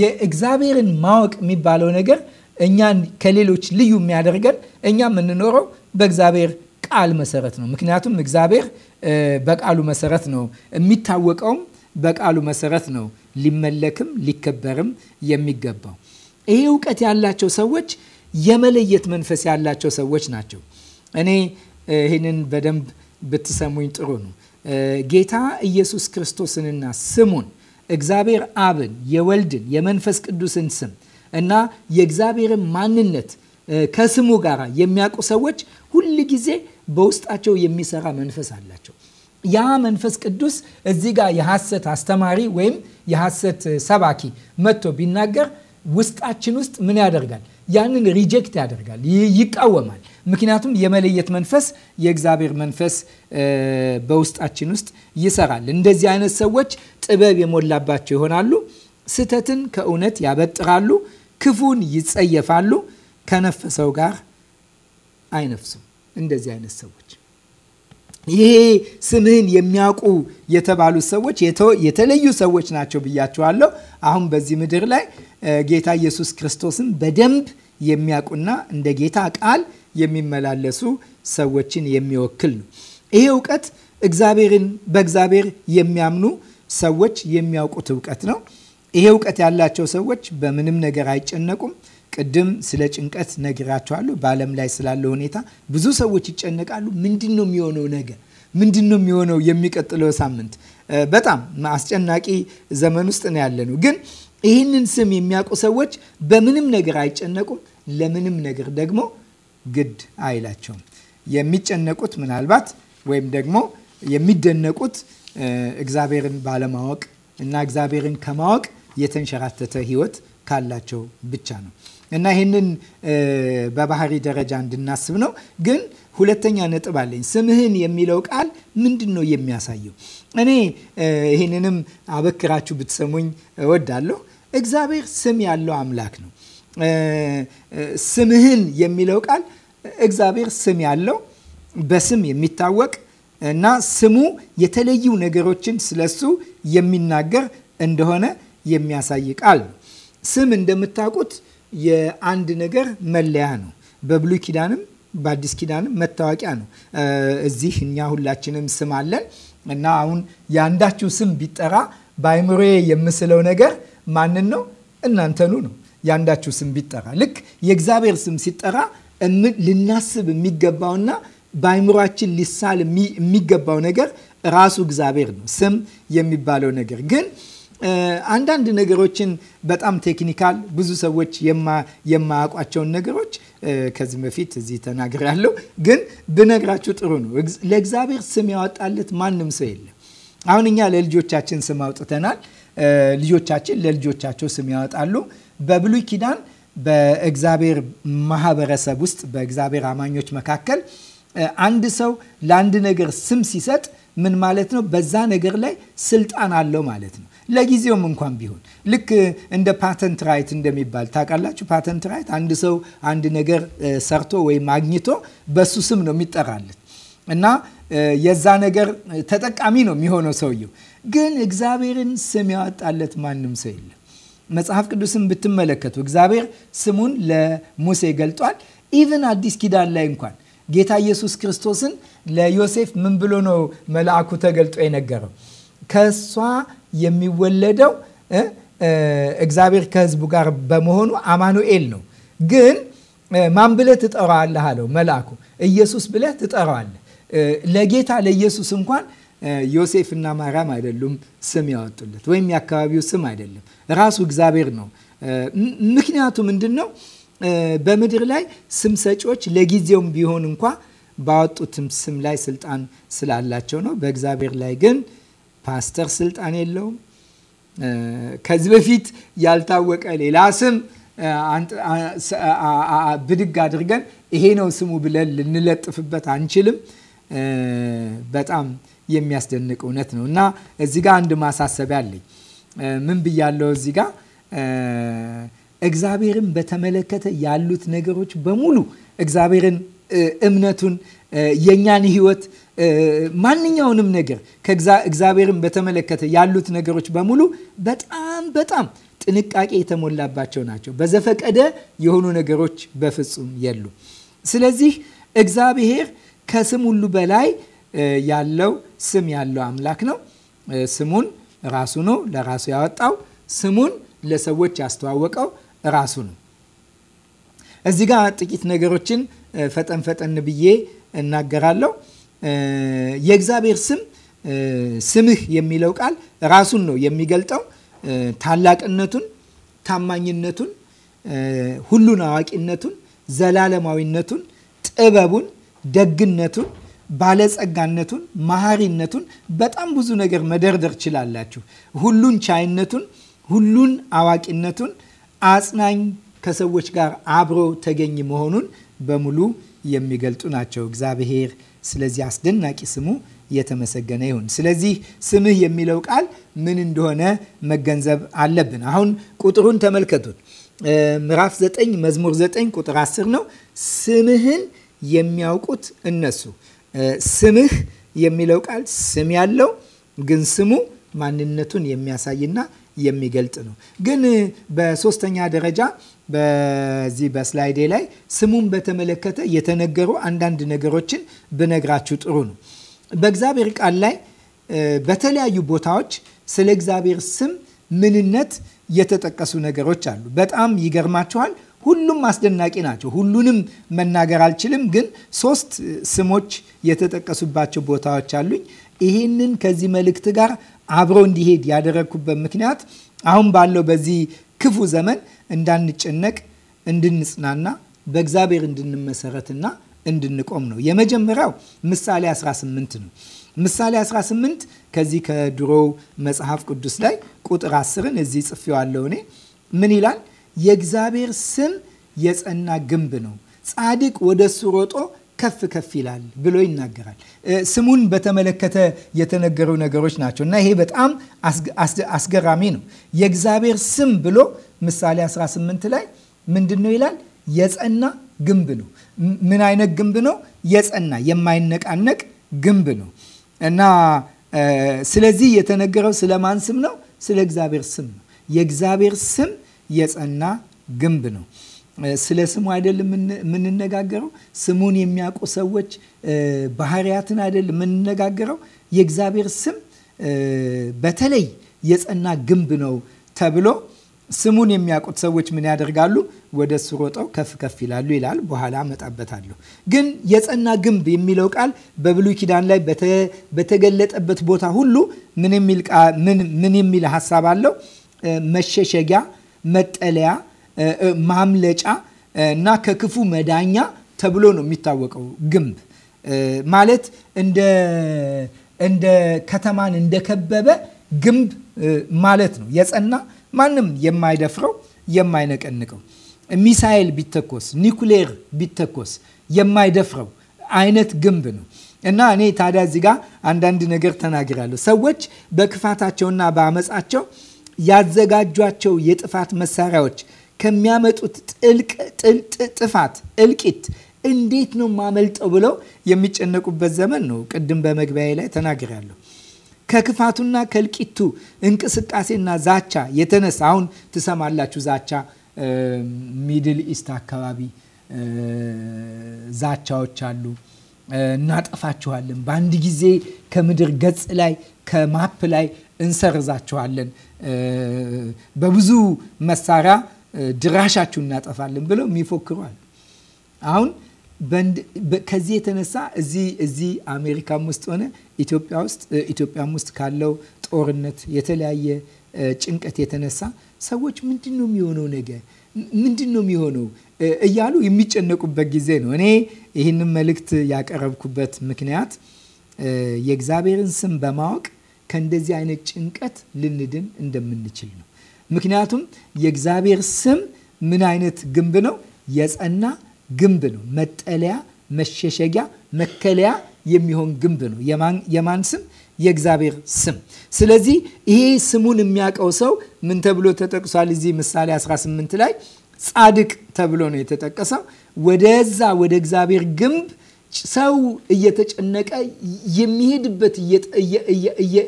የእግዚአብሔርን ማወቅ የሚባለው ነገር እኛን ከሌሎች ልዩ የሚያደርገን እኛ የምንኖረው በእግዚአብሔር ቃል መሰረት ነው። ምክንያቱም እግዚአብሔር በቃሉ መሰረት ነው የሚታወቀውም በቃሉ መሰረት ነው ሊመለክም ሊከበርም የሚገባው። ይህ እውቀት ያላቸው ሰዎች የመለየት መንፈስ ያላቸው ሰዎች ናቸው። እኔ ይህንን በደንብ ብትሰሙኝ ጥሩ ነው። ጌታ ኢየሱስ ክርስቶስንና ስሙን እግዚአብሔር አብን፣ የወልድን፣ የመንፈስ ቅዱስን ስም እና የእግዚአብሔርን ማንነት ከስሙ ጋር የሚያውቁ ሰዎች ሁል ጊዜ በውስጣቸው የሚሰራ መንፈስ አላቸው። ያ መንፈስ ቅዱስ እዚህ ጋር የሐሰት አስተማሪ ወይም የሐሰት ሰባኪ መጥቶ ቢናገር ውስጣችን ውስጥ ምን ያደርጋል? ያንን ሪጀክት ያደርጋል፣ ይቃወማል። ምክንያቱም የመለየት መንፈስ የእግዚአብሔር መንፈስ በውስጣችን ውስጥ ይሰራል። እንደዚህ አይነት ሰዎች ጥበብ የሞላባቸው ይሆናሉ። ስህተትን ከእውነት ያበጥራሉ፣ ክፉን ይጸየፋሉ፣ ከነፈሰው ጋር አይነፍሱም። እንደዚህ አይነት ሰዎች ይሄ ስምህን የሚያውቁ የተባሉት ሰዎች የተለዩ ሰዎች ናቸው ብያቸዋለሁ። አሁን በዚህ ምድር ላይ ጌታ ኢየሱስ ክርስቶስን በደንብ የሚያውቁና እንደ ጌታ ቃል የሚመላለሱ ሰዎችን የሚወክል ነው። ይሄ እውቀት እግዚአብሔርን በእግዚአብሔር የሚያምኑ ሰዎች የሚያውቁት እውቀት ነው። ይሄ እውቀት ያላቸው ሰዎች በምንም ነገር አይጨነቁም። ቅድም ስለ ጭንቀት ነግራቸዋለሁ። በዓለም ላይ ስላለ ሁኔታ ብዙ ሰዎች ይጨነቃሉ። ምንድን ነው የሚሆነው ነገ? ምንድን ነው የሚሆነው የሚቀጥለው ሳምንት? በጣም አስጨናቂ ዘመን ውስጥ ነው ያለ ነው። ግን ይህንን ስም የሚያውቁ ሰዎች በምንም ነገር አይጨነቁም። ለምንም ነገር ደግሞ ግድ አይላቸውም። የሚጨነቁት ምናልባት ወይም ደግሞ የሚደነቁት እግዚአብሔርን ባለማወቅ እና እግዚአብሔርን ከማወቅ የተንሸራተተ ሕይወት ካላቸው ብቻ ነው። እና ይህንን በባህሪ ደረጃ እንድናስብ ነው። ግን ሁለተኛ ነጥብ አለኝ። ስምህን የሚለው ቃል ምንድን ነው የሚያሳየው? እኔ ይህንንም አበክራችሁ ብትሰሙኝ እወዳለሁ። እግዚአብሔር ስም ያለው አምላክ ነው። ስምህን የሚለው ቃል እግዚአብሔር ስም ያለው በስም የሚታወቅ እና ስሙ የተለዩ ነገሮችን ስለሱ የሚናገር እንደሆነ የሚያሳይ ቃል ነው። ስም እንደምታውቁት የአንድ ነገር መለያ ነው። በብሉይ ኪዳንም በአዲስ ኪዳንም መታወቂያ ነው። እዚህ እኛ ሁላችንም ስም አለን እና አሁን የአንዳችሁ ስም ቢጠራ በአይምሮዬ የምስለው ነገር ማንን ነው? እናንተኑ ነው። የአንዳችሁ ስም ቢጠራ ልክ የእግዚአብሔር ስም ሲጠራ ልናስብ የሚገባውና በአይምሯችን ሊሳል የሚገባው ነገር ራሱ እግዚአብሔር ነው። ስም የሚባለው ነገር ግን አንዳንድ ነገሮችን በጣም ቴክኒካል ብዙ ሰዎች የማያውቋቸውን ነገሮች ከዚህ በፊት እዚህ ያለው ግን ብነግራችሁ ጥሩ ነው። ለእግዚአብሔር ስም ያወጣለት ማንም ሰው የለም። አሁን እኛ ለልጆቻችን ስም አውጥተናል። ልጆቻችን ለልጆቻቸው ስም ያወጣሉ። በብሉይ ኪዳን በእግዚአብሔር ማህበረሰብ ውስጥ በእግዚአብሔር አማኞች መካከል አንድ ሰው ለአንድ ነገር ስም ሲሰጥ ምን ማለት ነው? በዛ ነገር ላይ ስልጣን አለው ማለት ነው። ለጊዜውም እንኳን ቢሆን ልክ እንደ ፓተንት ራይት እንደሚባል ታውቃላችሁ። ፓተንት ራይት አንድ ሰው አንድ ነገር ሰርቶ ወይም አግኝቶ በሱ ስም ነው የሚጠራለት እና የዛ ነገር ተጠቃሚ ነው የሚሆነው ሰውየው። ግን እግዚአብሔርን ስም ያወጣለት ማንም ሰው የለም። መጽሐፍ ቅዱስን ብትመለከቱ እግዚአብሔር ስሙን ለሙሴ ገልጧል። ኢቨን አዲስ ኪዳን ላይ እንኳን ጌታ ኢየሱስ ክርስቶስን ለዮሴፍ ምን ብሎ ነው መልአኩ ተገልጦ የነገረው? ከእሷ የሚወለደው እግዚአብሔር ከህዝቡ ጋር በመሆኑ አማኑኤል ነው። ግን ማን ብለህ ትጠራዋለህ አለው መልአኩ። ኢየሱስ ብለህ ትጠራዋለህ። ለጌታ ለኢየሱስ እንኳን ዮሴፍ እና ማርያም አይደሉም ስም ያወጡለት፣ ወይም የአካባቢው ስም አይደለም፣ ራሱ እግዚአብሔር ነው። ምክንያቱ ምንድን ነው? በምድር ላይ ስም ሰጪዎች ለጊዜውም ቢሆን እንኳ ባወጡትም ስም ላይ ስልጣን ስላላቸው ነው። በእግዚአብሔር ላይ ግን ፓስተር ስልጣን የለውም። ከዚህ በፊት ያልታወቀ ሌላ ስም ብድግ አድርገን ይሄ ነው ስሙ ብለን ልንለጥፍበት አንችልም። በጣም የሚያስደንቅ እውነት ነው እና እዚህ ጋር አንድ ማሳሰቢያ አለኝ። ምን ብያለው? እዚህ ጋር እግዚአብሔርን በተመለከተ ያሉት ነገሮች በሙሉ እግዚአብሔርን እምነቱን የእኛን ህይወት ማንኛውንም ነገር እግዚአብሔርን በተመለከተ ያሉት ነገሮች በሙሉ በጣም በጣም ጥንቃቄ የተሞላባቸው ናቸው። በዘፈቀደ የሆኑ ነገሮች በፍጹም የሉ። ስለዚህ እግዚአብሔር ከስም ሁሉ በላይ ያለው ስም ያለው አምላክ ነው። ስሙን ራሱ ነው ለራሱ ያወጣው። ስሙን ለሰዎች ያስተዋወቀው ራሱ ነው። እዚህ ጋ ጥቂት ነገሮችን ፈጠን ፈጠን ብዬ እናገራለሁ። የእግዚአብሔር ስም ስምህ የሚለው ቃል ራሱን ነው የሚገልጠው። ታላቅነቱን፣ ታማኝነቱን፣ ሁሉን አዋቂነቱን፣ ዘላለማዊነቱን፣ ጥበቡን፣ ደግነቱን፣ ባለጸጋነቱን፣ መሐሪነቱን በጣም ብዙ ነገር መደርደር ችላላችሁ። ሁሉን ቻይነቱን፣ ሁሉን አዋቂነቱን፣ አጽናኝ ከሰዎች ጋር አብሮ ተገኝ መሆኑን በሙሉ የሚገልጡ ናቸው። እግዚአብሔር ስለዚህ አስደናቂ ስሙ የተመሰገነ ይሁን። ስለዚህ ስምህ የሚለው ቃል ምን እንደሆነ መገንዘብ አለብን። አሁን ቁጥሩን ተመልከቱት። ምዕራፍ 9 መዝሙር 9 ቁጥር 10 ነው። ስምህን የሚያውቁት እነሱ። ስምህ የሚለው ቃል ስም ያለው ግን ስሙ ማንነቱን የሚያሳይና የሚገልጥ ነው። ግን በሶስተኛ ደረጃ በዚህ በስላይዴ ላይ ስሙን በተመለከተ የተነገሩ አንዳንድ ነገሮችን ብነግራችሁ ጥሩ ነው። በእግዚአብሔር ቃል ላይ በተለያዩ ቦታዎች ስለ እግዚአብሔር ስም ምንነት የተጠቀሱ ነገሮች አሉ። በጣም ይገርማችኋል። ሁሉም አስደናቂ ናቸው። ሁሉንም መናገር አልችልም፣ ግን ሶስት ስሞች የተጠቀሱባቸው ቦታዎች አሉኝ። ይሄንን ከዚህ መልእክት ጋር አብሮ እንዲሄድ ያደረግኩበት ምክንያት አሁን ባለው በዚህ ክፉ ዘመን እንዳንጨነቅ፣ እንድንጽናና፣ በእግዚአብሔር እንድንመሰረትና እንድንቆም ነው። የመጀመሪያው ምሳሌ 18 ነው። ምሳሌ 18 ከዚህ ከድሮው መጽሐፍ ቅዱስ ላይ ቁጥር 10ን እዚህ ጽፌዋለሁ እኔ ምን ይላል? የእግዚአብሔር ስም የጸና ግንብ ነው፣ ጻድቅ ወደ እሱ ሮጦ ከፍ ከፍ ይላል ብሎ ይናገራል። ስሙን በተመለከተ የተነገሩ ነገሮች ናቸው እና ይሄ በጣም አስገራሚ ነው። የእግዚአብሔር ስም ብሎ ምሳሌ 18 ላይ ምንድን ነው ይላል? የጸና ግንብ ነው። ምን አይነት ግንብ ነው? የጸና የማይነቃነቅ ግንብ ነው እና ስለዚህ የተነገረው ስለማን ስም ነው? ስለ እግዚአብሔር ስም ነው። የእግዚአብሔር ስም የጸና ግንብ ነው። ስለ ስሙ አይደለም የምንነጋገረው። ስሙን የሚያውቁ ሰዎች ባህሪያትን አይደለም የምንነጋገረው። የእግዚአብሔር ስም በተለይ የጸና ግንብ ነው ተብሎ ስሙን የሚያውቁት ሰዎች ምን ያደርጋሉ? ወደ እሱ ሮጠው ከፍ ከፍ ይላሉ ይላል። በኋላ አመጣበታለሁ። ግን የጸና ግንብ የሚለው ቃል በብሉይ ኪዳን ላይ በተገለጠበት ቦታ ሁሉ ምን የሚል ሀሳብ አለው? መሸሸጊያ፣ መጠለያ ማምለጫ እና ከክፉ መዳኛ ተብሎ ነው የሚታወቀው። ግንብ ማለት እንደ ከተማን እንደከበበ ግንብ ማለት ነው። የጸና ማንም የማይደፍረው የማይነቀንቀው ሚሳኤል ቢተኮስ ኒኩሌር ቢተኮስ የማይደፍረው አይነት ግንብ ነው። እና እኔ ታዲያ እዚህ ጋር አንዳንድ ነገር ተናግራለሁ። ሰዎች በክፋታቸውና በአመፃቸው ያዘጋጇቸው የጥፋት መሳሪያዎች ከሚያመጡት ጥልቅ ጥፋት እልቂት እንዴት ነው ማመልጠው ብለው የሚጨነቁበት ዘመን ነው። ቅድም በመግቢያ ላይ ተናግሬያለሁ። ከክፋቱና ከእልቂቱ እንቅስቃሴና ዛቻ የተነሳ አሁን ትሰማላችሁ። ዛቻ ሚድል ኢስት አካባቢ ዛቻዎች አሉ። እናጠፋችኋለን፣ በአንድ ጊዜ ከምድር ገጽ ላይ ከማፕ ላይ እንሰርዛችኋለን በብዙ መሳሪያ ድራሻችሁ እናጠፋለን ብለው የሚፎክሩ አሉ። አሁን ከዚህ የተነሳ እዚህ እዚህ አሜሪካም ውስጥ ሆነ ኢትዮጵያ ውስጥ ኢትዮጵያም ውስጥ ካለው ጦርነት የተለያየ ጭንቀት የተነሳ ሰዎች ምንድን ነው የሚሆነው ነገር ምንድን ነው የሚሆነው እያሉ የሚጨነቁበት ጊዜ ነው። እኔ ይህንን መልእክት ያቀረብኩበት ምክንያት የእግዚአብሔርን ስም በማወቅ ከእንደዚህ አይነት ጭንቀት ልንድን እንደምንችል ነው። ምክንያቱም የእግዚአብሔር ስም ምን አይነት ግንብ ነው? የጸና ግንብ ነው። መጠለያ፣ መሸሸጊያ፣ መከለያ የሚሆን ግንብ ነው። የማን ስም? የእግዚአብሔር ስም። ስለዚህ ይሄ ስሙን የሚያውቀው ሰው ምን ተብሎ ተጠቅሷል? እዚህ ምሳሌ 18 ላይ ጻድቅ ተብሎ ነው የተጠቀሰው። ወደዛ ወደ እግዚአብሔር ግንብ ሰው እየተጨነቀ የሚሄድበት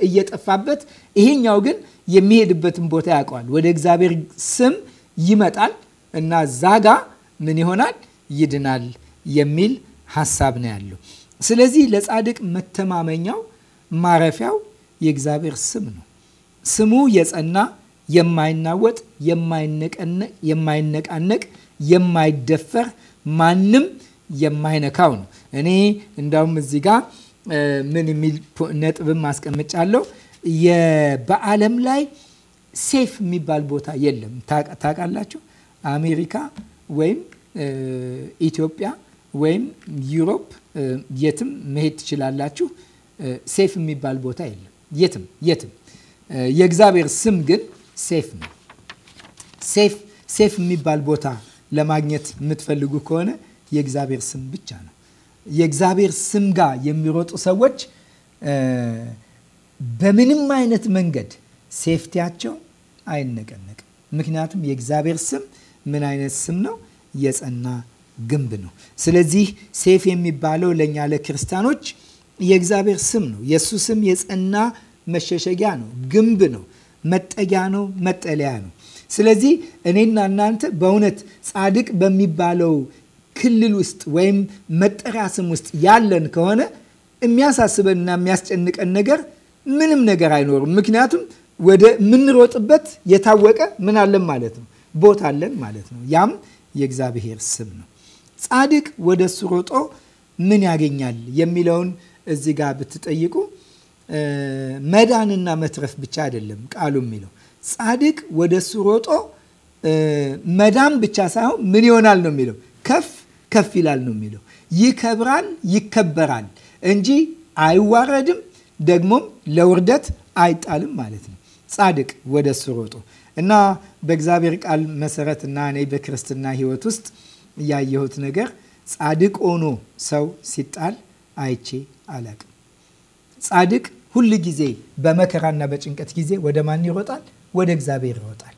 እየጠፋበት፣ ይሄኛው ግን የሚሄድበትን ቦታ ያውቀዋል። ወደ እግዚአብሔር ስም ይመጣል እና ዛጋ ምን ይሆናል? ይድናል የሚል ሀሳብ ነው ያለው። ስለዚህ ለጻድቅ መተማመኛው ማረፊያው የእግዚአብሔር ስም ነው። ስሙ የጸና የማይናወጥ የማይነቃነቅ የማይደፈር ማንም የማይነካው ነው። እኔ እንዳውም እዚህ ጋር ምን የሚል ነጥብም አስቀምጫለሁ በዓለም ላይ ሴፍ የሚባል ቦታ የለም። ታውቃላችሁ፣ አሜሪካ ወይም ኢትዮጵያ ወይም ዩሮፕ የትም መሄድ ትችላላችሁ። ሴፍ የሚባል ቦታ የለም። የትም የትም። የእግዚአብሔር ስም ግን ሴፍ ነው። ሴፍ ሴፍ የሚባል ቦታ ለማግኘት የምትፈልጉ ከሆነ የእግዚአብሔር ስም ብቻ ነው። የእግዚአብሔር ስም ጋር የሚሮጡ ሰዎች በምንም አይነት መንገድ ሴፍቲያቸው አይነቀነቅም። ምክንያቱም የእግዚአብሔር ስም ምን አይነት ስም ነው? የጸና ግንብ ነው። ስለዚህ ሴፍ የሚባለው ለእኛ ለክርስቲያኖች የእግዚአብሔር ስም ነው። የእሱ ስም የጸና መሸሸጊያ ነው፣ ግንብ ነው፣ መጠጊያ ነው፣ መጠለያ ነው። ስለዚህ እኔና እናንተ በእውነት ጻድቅ በሚባለው ክልል ውስጥ ወይም መጠሪያ ስም ውስጥ ያለን ከሆነ የሚያሳስበንና የሚያስጨንቀን ነገር ምንም ነገር አይኖርም። ምክንያቱም ወደ ምንሮጥበት የታወቀ ምን አለን ማለት ነው፣ ቦታ አለን ማለት ነው። ያም የእግዚአብሔር ስም ነው። ጻድቅ ወደ እሱ ሮጦ ምን ያገኛል የሚለውን እዚህ ጋር ብትጠይቁ መዳንና መትረፍ ብቻ አይደለም ቃሉ የሚለው ጻድቅ ወደ እሱ ሮጦ መዳን ብቻ ሳይሆን ምን ይሆናል ነው የሚለው ከፍ ከፍ ይላል ነው የሚለው ይከብራል፣ ይከበራል እንጂ አይዋረድም፣ ደግሞም ለውርደት አይጣልም ማለት ነው። ጻድቅ ወደ እሱ ሮጦ እና በእግዚአብሔር ቃል መሰረት እና እኔ በክርስትና ህይወት ውስጥ ያየሁት ነገር ጻድቅ ሆኖ ሰው ሲጣል አይቼ አላቅም። ጻድቅ ሁል ጊዜ በመከራና በጭንቀት ጊዜ ወደ ማን ይሮጣል? ወደ እግዚአብሔር ይሮጣል።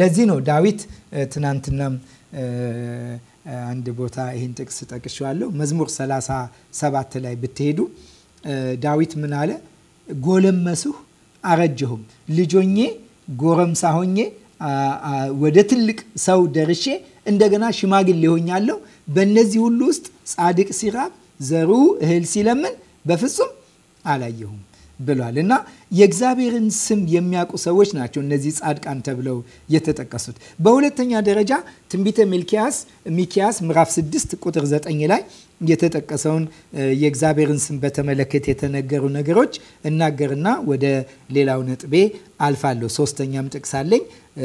ለዚህ ነው ዳዊት ትናንትናም አንድ ቦታ ይህን ጥቅስ ጠቅሼዋለሁ። መዝሙር 37 ላይ ብትሄዱ ዳዊት ምን አለ? ጎለመስሁ አረጀሁም፣ ልጆኜ ጎረምሳ ሆኜ ወደ ትልቅ ሰው ደርሼ እንደገና ሽማግሌ ሆኛለሁ። በእነዚህ ሁሉ ውስጥ ጻድቅ ሲራብ፣ ዘሩ እህል ሲለምን በፍጹም አላየሁም። ብሏል እና የእግዚአብሔርን ስም የሚያውቁ ሰዎች ናቸው እነዚህ ጻድቃን ተብለው የተጠቀሱት። በሁለተኛ ደረጃ ትንቢተ ሚልኪያስ ሚኪያስ ምዕራፍ 6 ቁጥር 9 ላይ የተጠቀሰውን የእግዚአብሔርን ስም በተመለከተ የተነገሩ ነገሮች እናገርና ወደ ሌላው ነጥቤ አልፋለሁ። ሶስተኛም ጥቅስ አለኝ።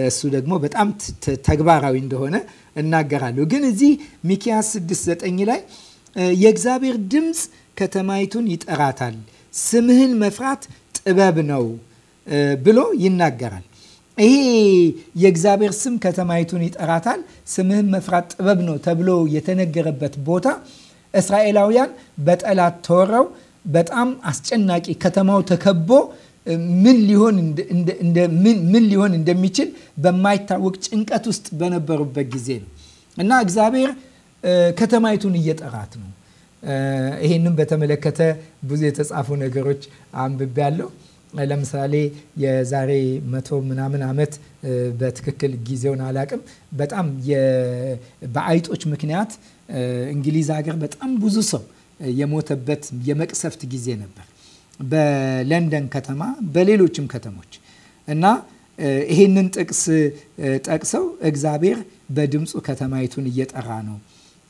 እሱ ደግሞ በጣም ተግባራዊ እንደሆነ እናገራለሁ። ግን እዚህ ሚኪያስ 6 9 ላይ የእግዚአብሔር ድምፅ ከተማይቱን ይጠራታል ስምህን መፍራት ጥበብ ነው ብሎ ይናገራል። ይሄ የእግዚአብሔር ስም ከተማይቱን ይጠራታል። ስምህን መፍራት ጥበብ ነው ተብሎ የተነገረበት ቦታ እስራኤላውያን በጠላት ተወረው በጣም አስጨናቂ ከተማው ተከቦ ምን ሊሆን እንደሚችል በማይታወቅ ጭንቀት ውስጥ በነበሩበት ጊዜ ነው እና እግዚአብሔር ከተማይቱን እየጠራት ነው ይህንም በተመለከተ ብዙ የተጻፉ ነገሮች አንብቤ ያለው ለምሳሌ የዛሬ መቶ ምናምን ዓመት በትክክል ጊዜውን አላቅም። በጣም በአይጦች ምክንያት እንግሊዝ ሀገር በጣም ብዙ ሰው የሞተበት የመቅሰፍት ጊዜ ነበር በለንደን ከተማ፣ በሌሎችም ከተሞች እና ይሄንን ጥቅስ ጠቅሰው እግዚአብሔር በድምፁ ከተማይቱን እየጠራ ነው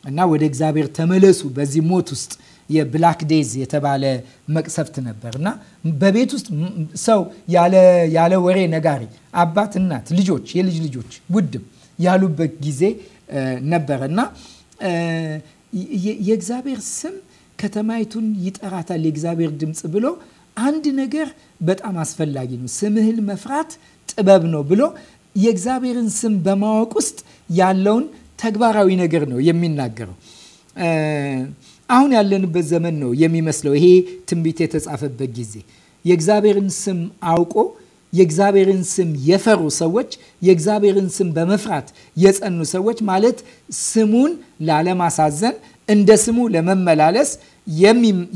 እና ወደ እግዚአብሔር ተመለሱ። በዚህ ሞት ውስጥ የብላክ ዴዝ የተባለ መቅሰፍት ነበር እና በቤት ውስጥ ሰው ያለ ወሬ ነጋሪ አባት፣ እናት፣ ልጆች፣ የልጅ ልጆች ውድም ያሉበት ጊዜ ነበረ እና የእግዚአብሔር ስም ከተማይቱን ይጠራታል የእግዚአብሔር ድምፅ ብሎ አንድ ነገር በጣም አስፈላጊ ነው። ስምህን መፍራት ጥበብ ነው ብሎ የእግዚአብሔርን ስም በማወቅ ውስጥ ያለውን ተግባራዊ ነገር ነው የሚናገረው። አሁን ያለንበት ዘመን ነው የሚመስለው ይሄ ትንቢት የተጻፈበት ጊዜ የእግዚአብሔርን ስም አውቆ የእግዚአብሔርን ስም የፈሩ ሰዎች የእግዚአብሔርን ስም በመፍራት የጸኑ ሰዎች ማለት ስሙን ላለማሳዘን እንደ ስሙ ለመመላለስ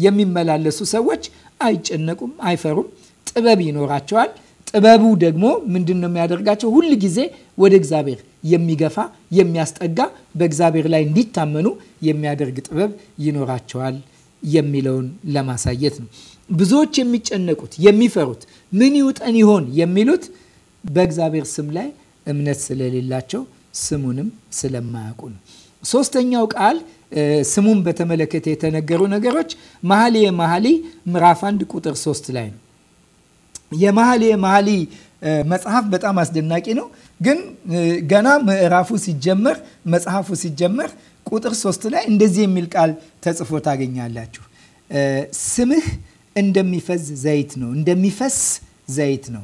የሚመላለሱ ሰዎች አይጨነቁም፣ አይፈሩም። ጥበብ ይኖራቸዋል። ጥበቡ ደግሞ ምንድን ነው የሚያደርጋቸው? ሁል ጊዜ ወደ እግዚአብሔር የሚገፋ የሚያስጠጋ፣ በእግዚአብሔር ላይ እንዲታመኑ የሚያደርግ ጥበብ ይኖራቸዋል የሚለውን ለማሳየት ነው። ብዙዎች የሚጨነቁት የሚፈሩት፣ ምን ይውጠን ይሆን የሚሉት በእግዚአብሔር ስም ላይ እምነት ስለሌላቸው ስሙንም ስለማያውቁ ነው። ሶስተኛው ቃል ስሙን በተመለከተ የተነገሩ ነገሮች መኃልየ መኃልይ ምዕራፍ አንድ ቁጥር ሶስት ላይ ነው። የመኃልየ መኃልይ መጽሐፍ በጣም አስደናቂ ነው። ግን ገና ምዕራፉ ሲጀመር መጽሐፉ ሲጀመር ቁጥር ሶስት ላይ እንደዚህ የሚል ቃል ተጽፎ ታገኛላችሁ። ስምህ እንደሚፈዝ ዘይት ነው፣ እንደሚፈስ ዘይት ነው።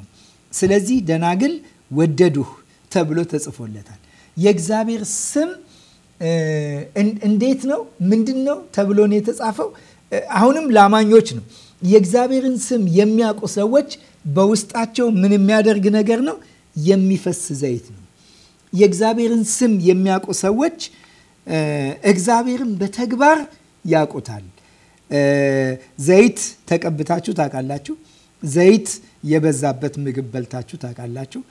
ስለዚህ ደናግል ወደዱህ ተብሎ ተጽፎለታል። የእግዚአብሔር ስም እንዴት ነው? ምንድን ነው ተብሎ ነው የተጻፈው። አሁንም ላማኞች ነው። የእግዚአብሔርን ስም የሚያውቁ ሰዎች በውስጣቸው ምን የሚያደርግ ነገር ነው የሚፈስ ዘይት ነው። የእግዚአብሔርን ስም የሚያውቁ ሰዎች እግዚአብሔርን በተግባር ያውቁታል። ዘይት ተቀብታችሁ ታውቃላችሁ። ዘይት የበዛበት ምግብ በልታችሁ ታውቃላችሁ።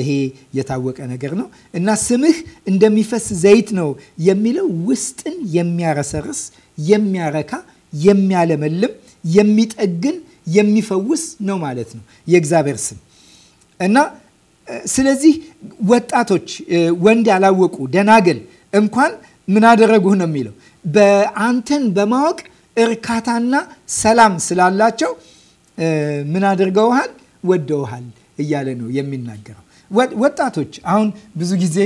ይሄ የታወቀ ነገር ነው እና ስምህ እንደሚፈስ ዘይት ነው የሚለው ውስጥን የሚያረሰርስ የሚያረካ፣ የሚያለመልም፣ የሚጠግን፣ የሚፈውስ ነው ማለት ነው የእግዚአብሔር ስም እና ስለዚህ ወጣቶች፣ ወንድ ያላወቁ ደናግል እንኳን ምን አደረጉህ ነው የሚለው በአንተን በማወቅ እርካታና ሰላም ስላላቸው ምን አድርገውሃል? ወደውሃል እያለ ነው የሚናገረው። ወጣቶች አሁን ብዙ ጊዜ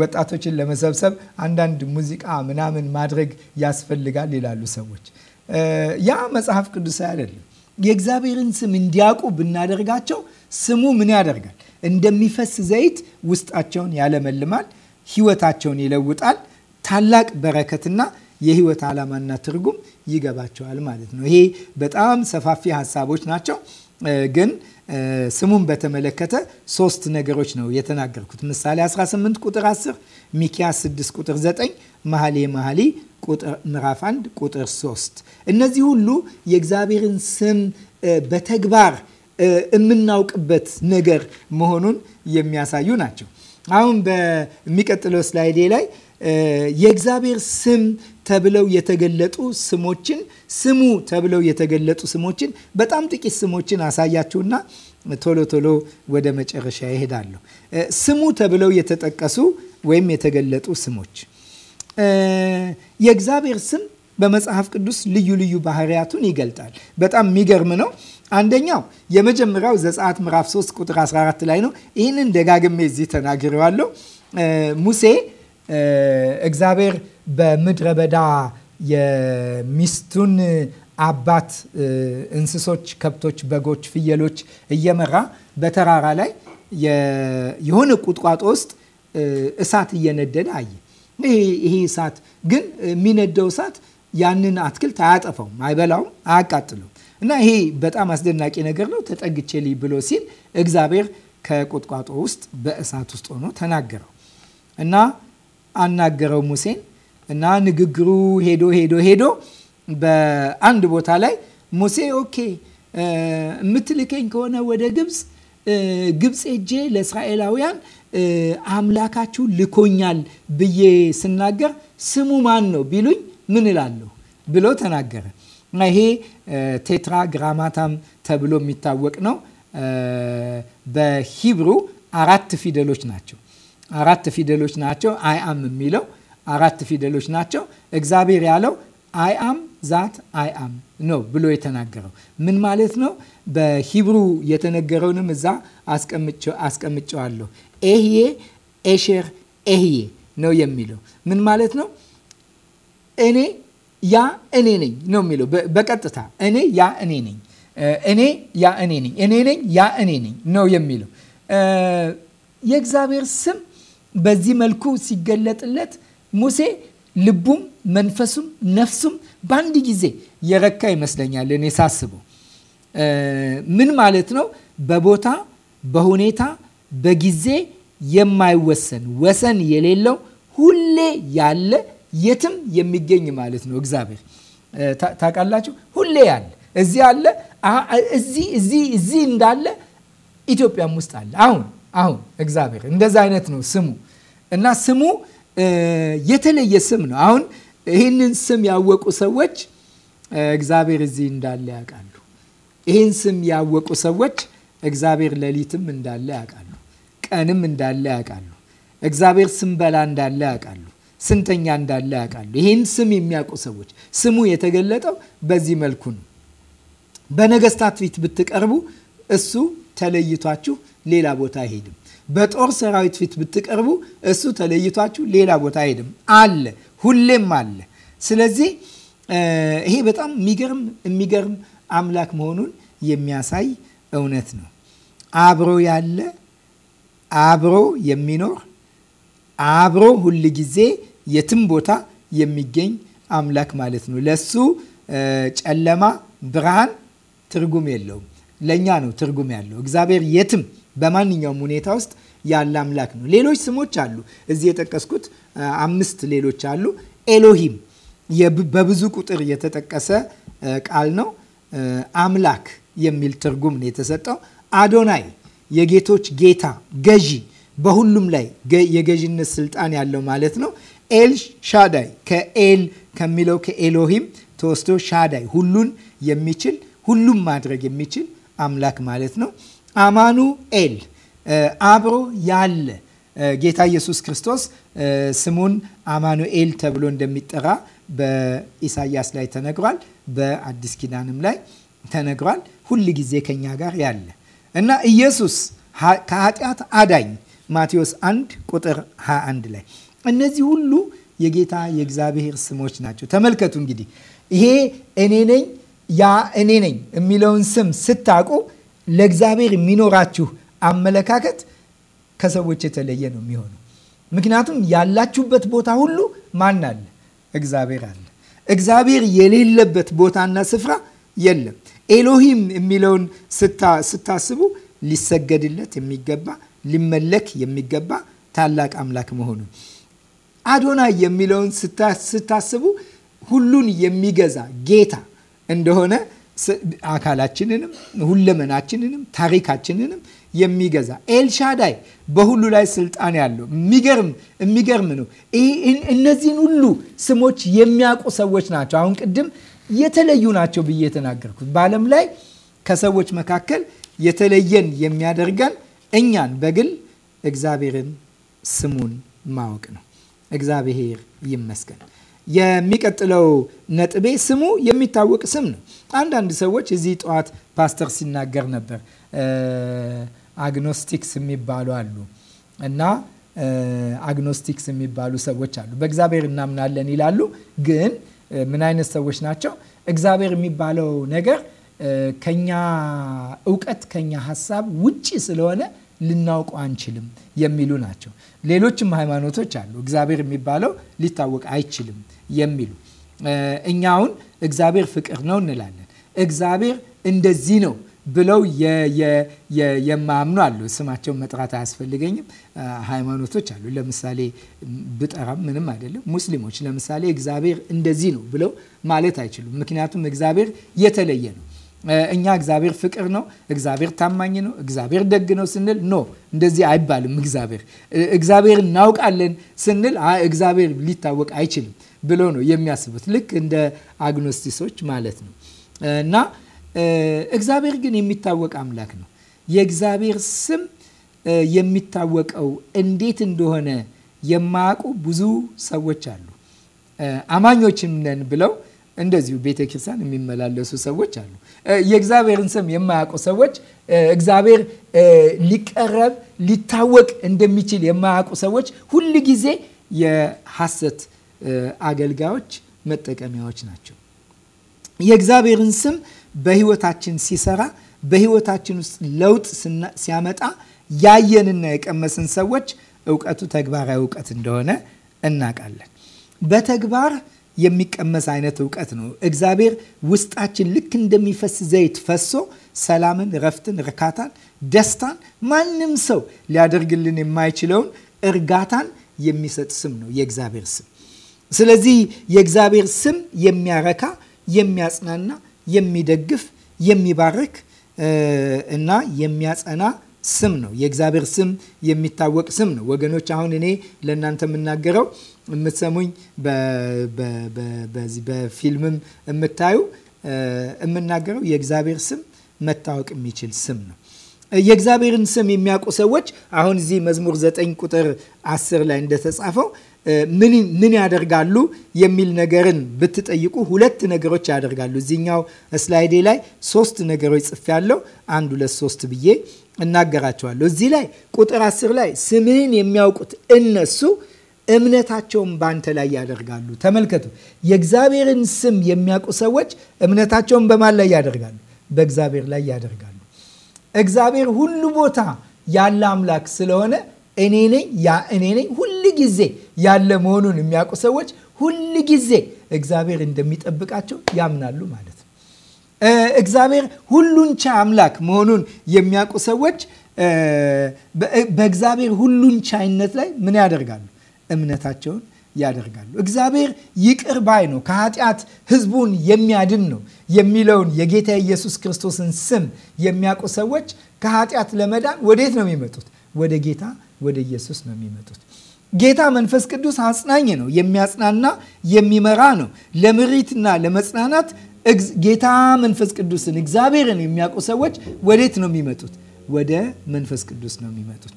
ወጣቶችን ለመሰብሰብ አንዳንድ ሙዚቃ ምናምን ማድረግ ያስፈልጋል ይላሉ ሰዎች። ያ መጽሐፍ ቅዱስ አይደለም። የእግዚአብሔርን ስም እንዲያውቁ ብናደርጋቸው ስሙ ምን ያደርጋል? እንደሚፈስ ዘይት ውስጣቸውን ያለመልማል፣ ህይወታቸውን ይለውጣል። ታላቅ በረከትና የህይወት ዓላማና ትርጉም ይገባቸዋል ማለት ነው። ይሄ በጣም ሰፋፊ ሀሳቦች ናቸው ግን ስሙን በተመለከተ ሶስት ነገሮች ነው የተናገርኩት። ምሳሌ 18 ቁጥር 10፣ ሚኪያስ 6 ቁጥር 9፣ መኃልየ መኃልይ ምዕራፍ 1 ቁጥር 3። እነዚህ ሁሉ የእግዚአብሔርን ስም በተግባር የምናውቅበት ነገር መሆኑን የሚያሳዩ ናቸው። አሁን በሚቀጥለው ስላይዴ ላይ የእግዚአብሔር ስም ተብለው የተገለጡ ስሞችን ስሙ ተብለው የተገለጡ ስሞችን በጣም ጥቂት ስሞችን አሳያችሁና ቶሎ ቶሎ ወደ መጨረሻ ይሄዳለሁ። ስሙ ተብለው የተጠቀሱ ወይም የተገለጡ ስሞች የእግዚአብሔር ስም በመጽሐፍ ቅዱስ ልዩ ልዩ ባህሪያቱን ይገልጣል። በጣም የሚገርም ነው። አንደኛው የመጀመሪያው ዘጸአት ምዕራፍ 3 ቁጥር 14 ላይ ነው። ይህንን ደጋግሜ እዚህ ተናግሬዋለሁ። ሙሴ እግዚአብሔር በምድረ በዳ የሚስቱን አባት እንስሶች፣ ከብቶች፣ በጎች፣ ፍየሎች እየመራ በተራራ ላይ የሆነ ቁጥቋጦ ውስጥ እሳት እየነደደ አየ። ይሄ እሳት ግን የሚነደው እሳት ያንን አትክልት አያጠፋውም፣ አይበላውም፣ አያቃጥለውም። እና ይሄ በጣም አስደናቂ ነገር ነው። ተጠግቼ ብሎ ሲል እግዚአብሔር ከቁጥቋጦ ውስጥ በእሳት ውስጥ ሆኖ ተናገረው እና አናገረው ሙሴን እና ንግግሩ ሄዶ ሄዶ ሄዶ በአንድ ቦታ ላይ ሙሴ ኦኬ የምትልከኝ ከሆነ ወደ ግብፅ ግብፅ ሄጄ ለእስራኤላውያን አምላካችሁ ልኮኛል ብዬ ስናገር ስሙ ማን ነው ቢሉኝ ምን እላለሁ ብሎ ተናገረ እና ይሄ ቴትራ ግራማታም ተብሎ የሚታወቅ ነው። በሂብሩ አራት ፊደሎች ናቸው። አራት ፊደሎች ናቸው። አይአም የሚለው አራት ፊደሎች ናቸው። እግዚአብሔር ያለው አይአም ዛት አይአም ነው ብሎ የተናገረው ምን ማለት ነው? በሂብሩ የተነገረውንም እዛ አስቀምጨዋለሁ። ኤህዬ ኤሸር ኤህዬ ነው የሚለው ምን ማለት ነው? እኔ ያ እኔ ነኝ ነው የሚለው በቀጥታ እኔ ያ እኔ ነኝ እኔ ያ እኔ ነኝ እኔ ነኝ ያ እኔ ነኝ ነው የሚለው የእግዚአብሔር ስም በዚህ መልኩ ሲገለጥለት ሙሴ ልቡም መንፈሱም ነፍሱም በአንድ ጊዜ የረካ ይመስለኛል። እኔ ሳስበው ምን ማለት ነው? በቦታ በሁኔታ በጊዜ የማይወሰን ወሰን የሌለው ሁሌ ያለ የትም የሚገኝ ማለት ነው። እግዚአብሔር ታውቃላችሁ፣ ሁሌ ያለ እዚህ አለ፣ እዚህ እዚህ እዚህ እንዳለ ኢትዮጵያም ውስጥ አለ። አሁን አሁን እግዚአብሔር እንደዛ አይነት ነው ስሙ እና ስሙ የተለየ ስም ነው። አሁን ይህንን ስም ያወቁ ሰዎች እግዚአብሔር እዚህ እንዳለ ያውቃሉ። ይህን ስም ያወቁ ሰዎች እግዚአብሔር ሌሊትም እንዳለ ያውቃሉ፣ ቀንም እንዳለ ያውቃሉ፣ እግዚአብሔር በላ እንዳለ ያውቃሉ ስንተኛ እንዳለ ያውቃሉ። ይህን ስም የሚያውቁ ሰዎች ስሙ የተገለጠው በዚህ መልኩ ነው። በነገስታት ፊት ብትቀርቡ እሱ ተለይቷችሁ ሌላ ቦታ አይሄድም። በጦር ሰራዊት ፊት ብትቀርቡ እሱ ተለይቷችሁ ሌላ ቦታ አይሄድም። አለ፣ ሁሌም አለ። ስለዚህ ይሄ በጣም የሚገርም የሚገርም አምላክ መሆኑን የሚያሳይ እውነት ነው። አብሮ ያለ አብሮ የሚኖር አብሮ ሁል ጊዜ የትም ቦታ የሚገኝ አምላክ ማለት ነው። ለሱ ጨለማ ብርሃን ትርጉም የለውም። ለእኛ ነው ትርጉም ያለው። እግዚአብሔር የትም በማንኛውም ሁኔታ ውስጥ ያለ አምላክ ነው። ሌሎች ስሞች አሉ። እዚህ የጠቀስኩት አምስት ሌሎች አሉ። ኤሎሂም በብዙ ቁጥር የተጠቀሰ ቃል ነው። አምላክ የሚል ትርጉም ነው የተሰጠው። አዶናይ የጌቶች ጌታ፣ ገዢ፣ በሁሉም ላይ የገዢነት ስልጣን ያለው ማለት ነው። ኤል ሻዳይ ከኤል ከሚለው ከኤሎሂም ተወስዶ ሻዳይ ሁሉን የሚችል ሁሉም ማድረግ የሚችል አምላክ ማለት ነው። አማኑ ኤል አብሮ ያለ ጌታ ኢየሱስ ክርስቶስ ስሙን አማኑኤል ተብሎ እንደሚጠራ በኢሳያስ ላይ ተነግሯል። በአዲስ ኪዳንም ላይ ተነግሯል። ሁል ጊዜ ከኛ ጋር ያለ እና ኢየሱስ ከኃጢአት አዳኝ ማቴዎስ 1 ቁጥር 21 ላይ እነዚህ ሁሉ የጌታ የእግዚአብሔር ስሞች ናቸው። ተመልከቱ እንግዲህ ይሄ እኔ ነኝ ያ እኔ ነኝ የሚለውን ስም ስታውቁ ለእግዚአብሔር የሚኖራችሁ አመለካከት ከሰዎች የተለየ ነው የሚሆነው። ምክንያቱም ያላችሁበት ቦታ ሁሉ ማን አለ? እግዚአብሔር አለ። እግዚአብሔር የሌለበት ቦታና ስፍራ የለም። ኤሎሂም የሚለውን ስታስቡ ሊሰገድለት የሚገባ ሊመለክ የሚገባ ታላቅ አምላክ መሆኑን አዶናይ የሚለውን ስታስቡ ሁሉን የሚገዛ ጌታ እንደሆነ አካላችንንም ሁለመናችንንም ታሪካችንንም የሚገዛ ኤልሻዳይ በሁሉ ላይ ስልጣን ያለው የሚገርም የሚገርም ነው። እነዚህን ሁሉ ስሞች የሚያውቁ ሰዎች ናቸው። አሁን ቅድም የተለዩ ናቸው ብዬ የተናገርኩት በዓለም ላይ ከሰዎች መካከል የተለየን የሚያደርገን እኛን በግል እግዚአብሔርን ስሙን ማወቅ ነው። እግዚአብሔር ይመስገን። የሚቀጥለው ነጥቤ ስሙ የሚታወቅ ስም ነው። አንዳንድ ሰዎች እዚህ ጠዋት ፓስተር ሲናገር ነበር። አግኖስቲክስ የሚባሉ አሉ እና አግኖስቲክስ የሚባሉ ሰዎች አሉ። በእግዚአብሔር እናምናለን ይላሉ፣ ግን ምን አይነት ሰዎች ናቸው? እግዚአብሔር የሚባለው ነገር ከኛ እውቀት ከኛ ሀሳብ ውጪ ስለሆነ ልናውቀው አንችልም የሚሉ ናቸው። ሌሎችም ሃይማኖቶች አሉ። እግዚአብሔር የሚባለው ሊታወቅ አይችልም የሚሉ እኛ አሁን እግዚአብሔር ፍቅር ነው እንላለን። እግዚአብሔር እንደዚህ ነው ብለው የማያምኑ አሉ። ስማቸውን መጥራት አያስፈልገኝም። ሃይማኖቶች አሉ። ለምሳሌ ብጠራም ምንም አይደለም። ሙስሊሞች ለምሳሌ እግዚአብሔር እንደዚህ ነው ብለው ማለት አይችሉም። ምክንያቱም እግዚአብሔር የተለየ ነው። እኛ እግዚአብሔር ፍቅር ነው፣ እግዚአብሔር ታማኝ ነው፣ እግዚአብሔር ደግ ነው ስንል ኖ እንደዚህ አይባልም። እግዚአብሔር እግዚአብሔር እናውቃለን ስንል እግዚአብሔር ሊታወቅ አይችልም ብሎ ነው የሚያስቡት፣ ልክ እንደ አግኖስቲሶች ማለት ነው። እና እግዚአብሔር ግን የሚታወቅ አምላክ ነው። የእግዚአብሔር ስም የሚታወቀው እንዴት እንደሆነ የማያውቁ ብዙ ሰዎች አሉ። አማኞችም ነን ብለው እንደዚሁ ቤተ ክርስቲያን የሚመላለሱ ሰዎች አሉ። የእግዚአብሔርን ስም የማያውቁ ሰዎች እግዚአብሔር ሊቀረብ ሊታወቅ እንደሚችል የማያውቁ ሰዎች ሁል ጊዜ የሐሰት አገልጋዮች መጠቀሚያዎች ናቸው። የእግዚአብሔርን ስም በህይወታችን ሲሰራ በህይወታችን ውስጥ ለውጥ ሲያመጣ ያየንና የቀመስን ሰዎች እውቀቱ ተግባራዊ እውቀት እንደሆነ እናውቃለን። በተግባር የሚቀመስ አይነት እውቀት ነው። እግዚአብሔር ውስጣችን ልክ እንደሚፈስ ዘይት ፈሶ ሰላምን፣ ረፍትን፣ እርካታን፣ ደስታን ማንም ሰው ሊያደርግልን የማይችለውን እርጋታን የሚሰጥ ስም ነው የእግዚአብሔር ስም። ስለዚህ የእግዚአብሔር ስም የሚያረካ፣ የሚያጽናና፣ የሚደግፍ፣ የሚባርክ እና የሚያጸና ስም ነው። የእግዚአብሔር ስም የሚታወቅ ስም ነው። ወገኖች አሁን እኔ ለእናንተ የምናገረው የምትሰሙኝ በዚህ በፊልምም የምታዩ የምናገረው የእግዚአብሔር ስም መታወቅ የሚችል ስም ነው። የእግዚአብሔርን ስም የሚያውቁ ሰዎች አሁን እዚህ መዝሙር ዘጠኝ ቁጥር 10 ላይ እንደተጻፈው ምን ያደርጋሉ የሚል ነገርን ብትጠይቁ ሁለት ነገሮች ያደርጋሉ። እዚኛው ስላይዴ ላይ ሶስት ነገሮች ጽፌያለሁ። አንድ ሁለት ሶስት ብዬ እናገራቸዋለሁ። እዚህ ላይ ቁጥር አስር ላይ ስምህን የሚያውቁት እነሱ እምነታቸውን በአንተ ላይ ያደርጋሉ። ተመልከቱ፣ የእግዚአብሔርን ስም የሚያውቁ ሰዎች እምነታቸውን በማን ላይ ያደርጋሉ? በእግዚአብሔር ላይ ያደርጋሉ። እግዚአብሔር ሁሉ ቦታ ያለ አምላክ ስለሆነ እኔ ነኝ ያ እኔ ነኝ ሁል ጊዜ ያለ መሆኑን የሚያውቁ ሰዎች ሁል ጊዜ እግዚአብሔር እንደሚጠብቃቸው ያምናሉ ማለት ነው። እግዚአብሔር ሁሉን ቻይ አምላክ መሆኑን የሚያውቁ ሰዎች በእግዚአብሔር ሁሉን ቻይነት ላይ ምን ያደርጋሉ? እምነታቸውን ያደርጋሉ። እግዚአብሔር ይቅር ባይ ነው፣ ከኃጢአት ህዝቡን የሚያድን ነው የሚለውን የጌታ ኢየሱስ ክርስቶስን ስም የሚያውቁ ሰዎች ከኃጢአት ለመዳን ወዴት ነው የሚመጡት? ወደ ጌታ ወደ ኢየሱስ ነው የሚመጡት። ጌታ መንፈስ ቅዱስ አጽናኝ ነው፣ የሚያጽናና የሚመራ ነው። ለምሪትና ለመጽናናት ጌታ መንፈስ ቅዱስን እግዚአብሔርን የሚያውቁ ሰዎች ወዴት ነው የሚመጡት? ወደ መንፈስ ቅዱስ ነው የሚመጡት።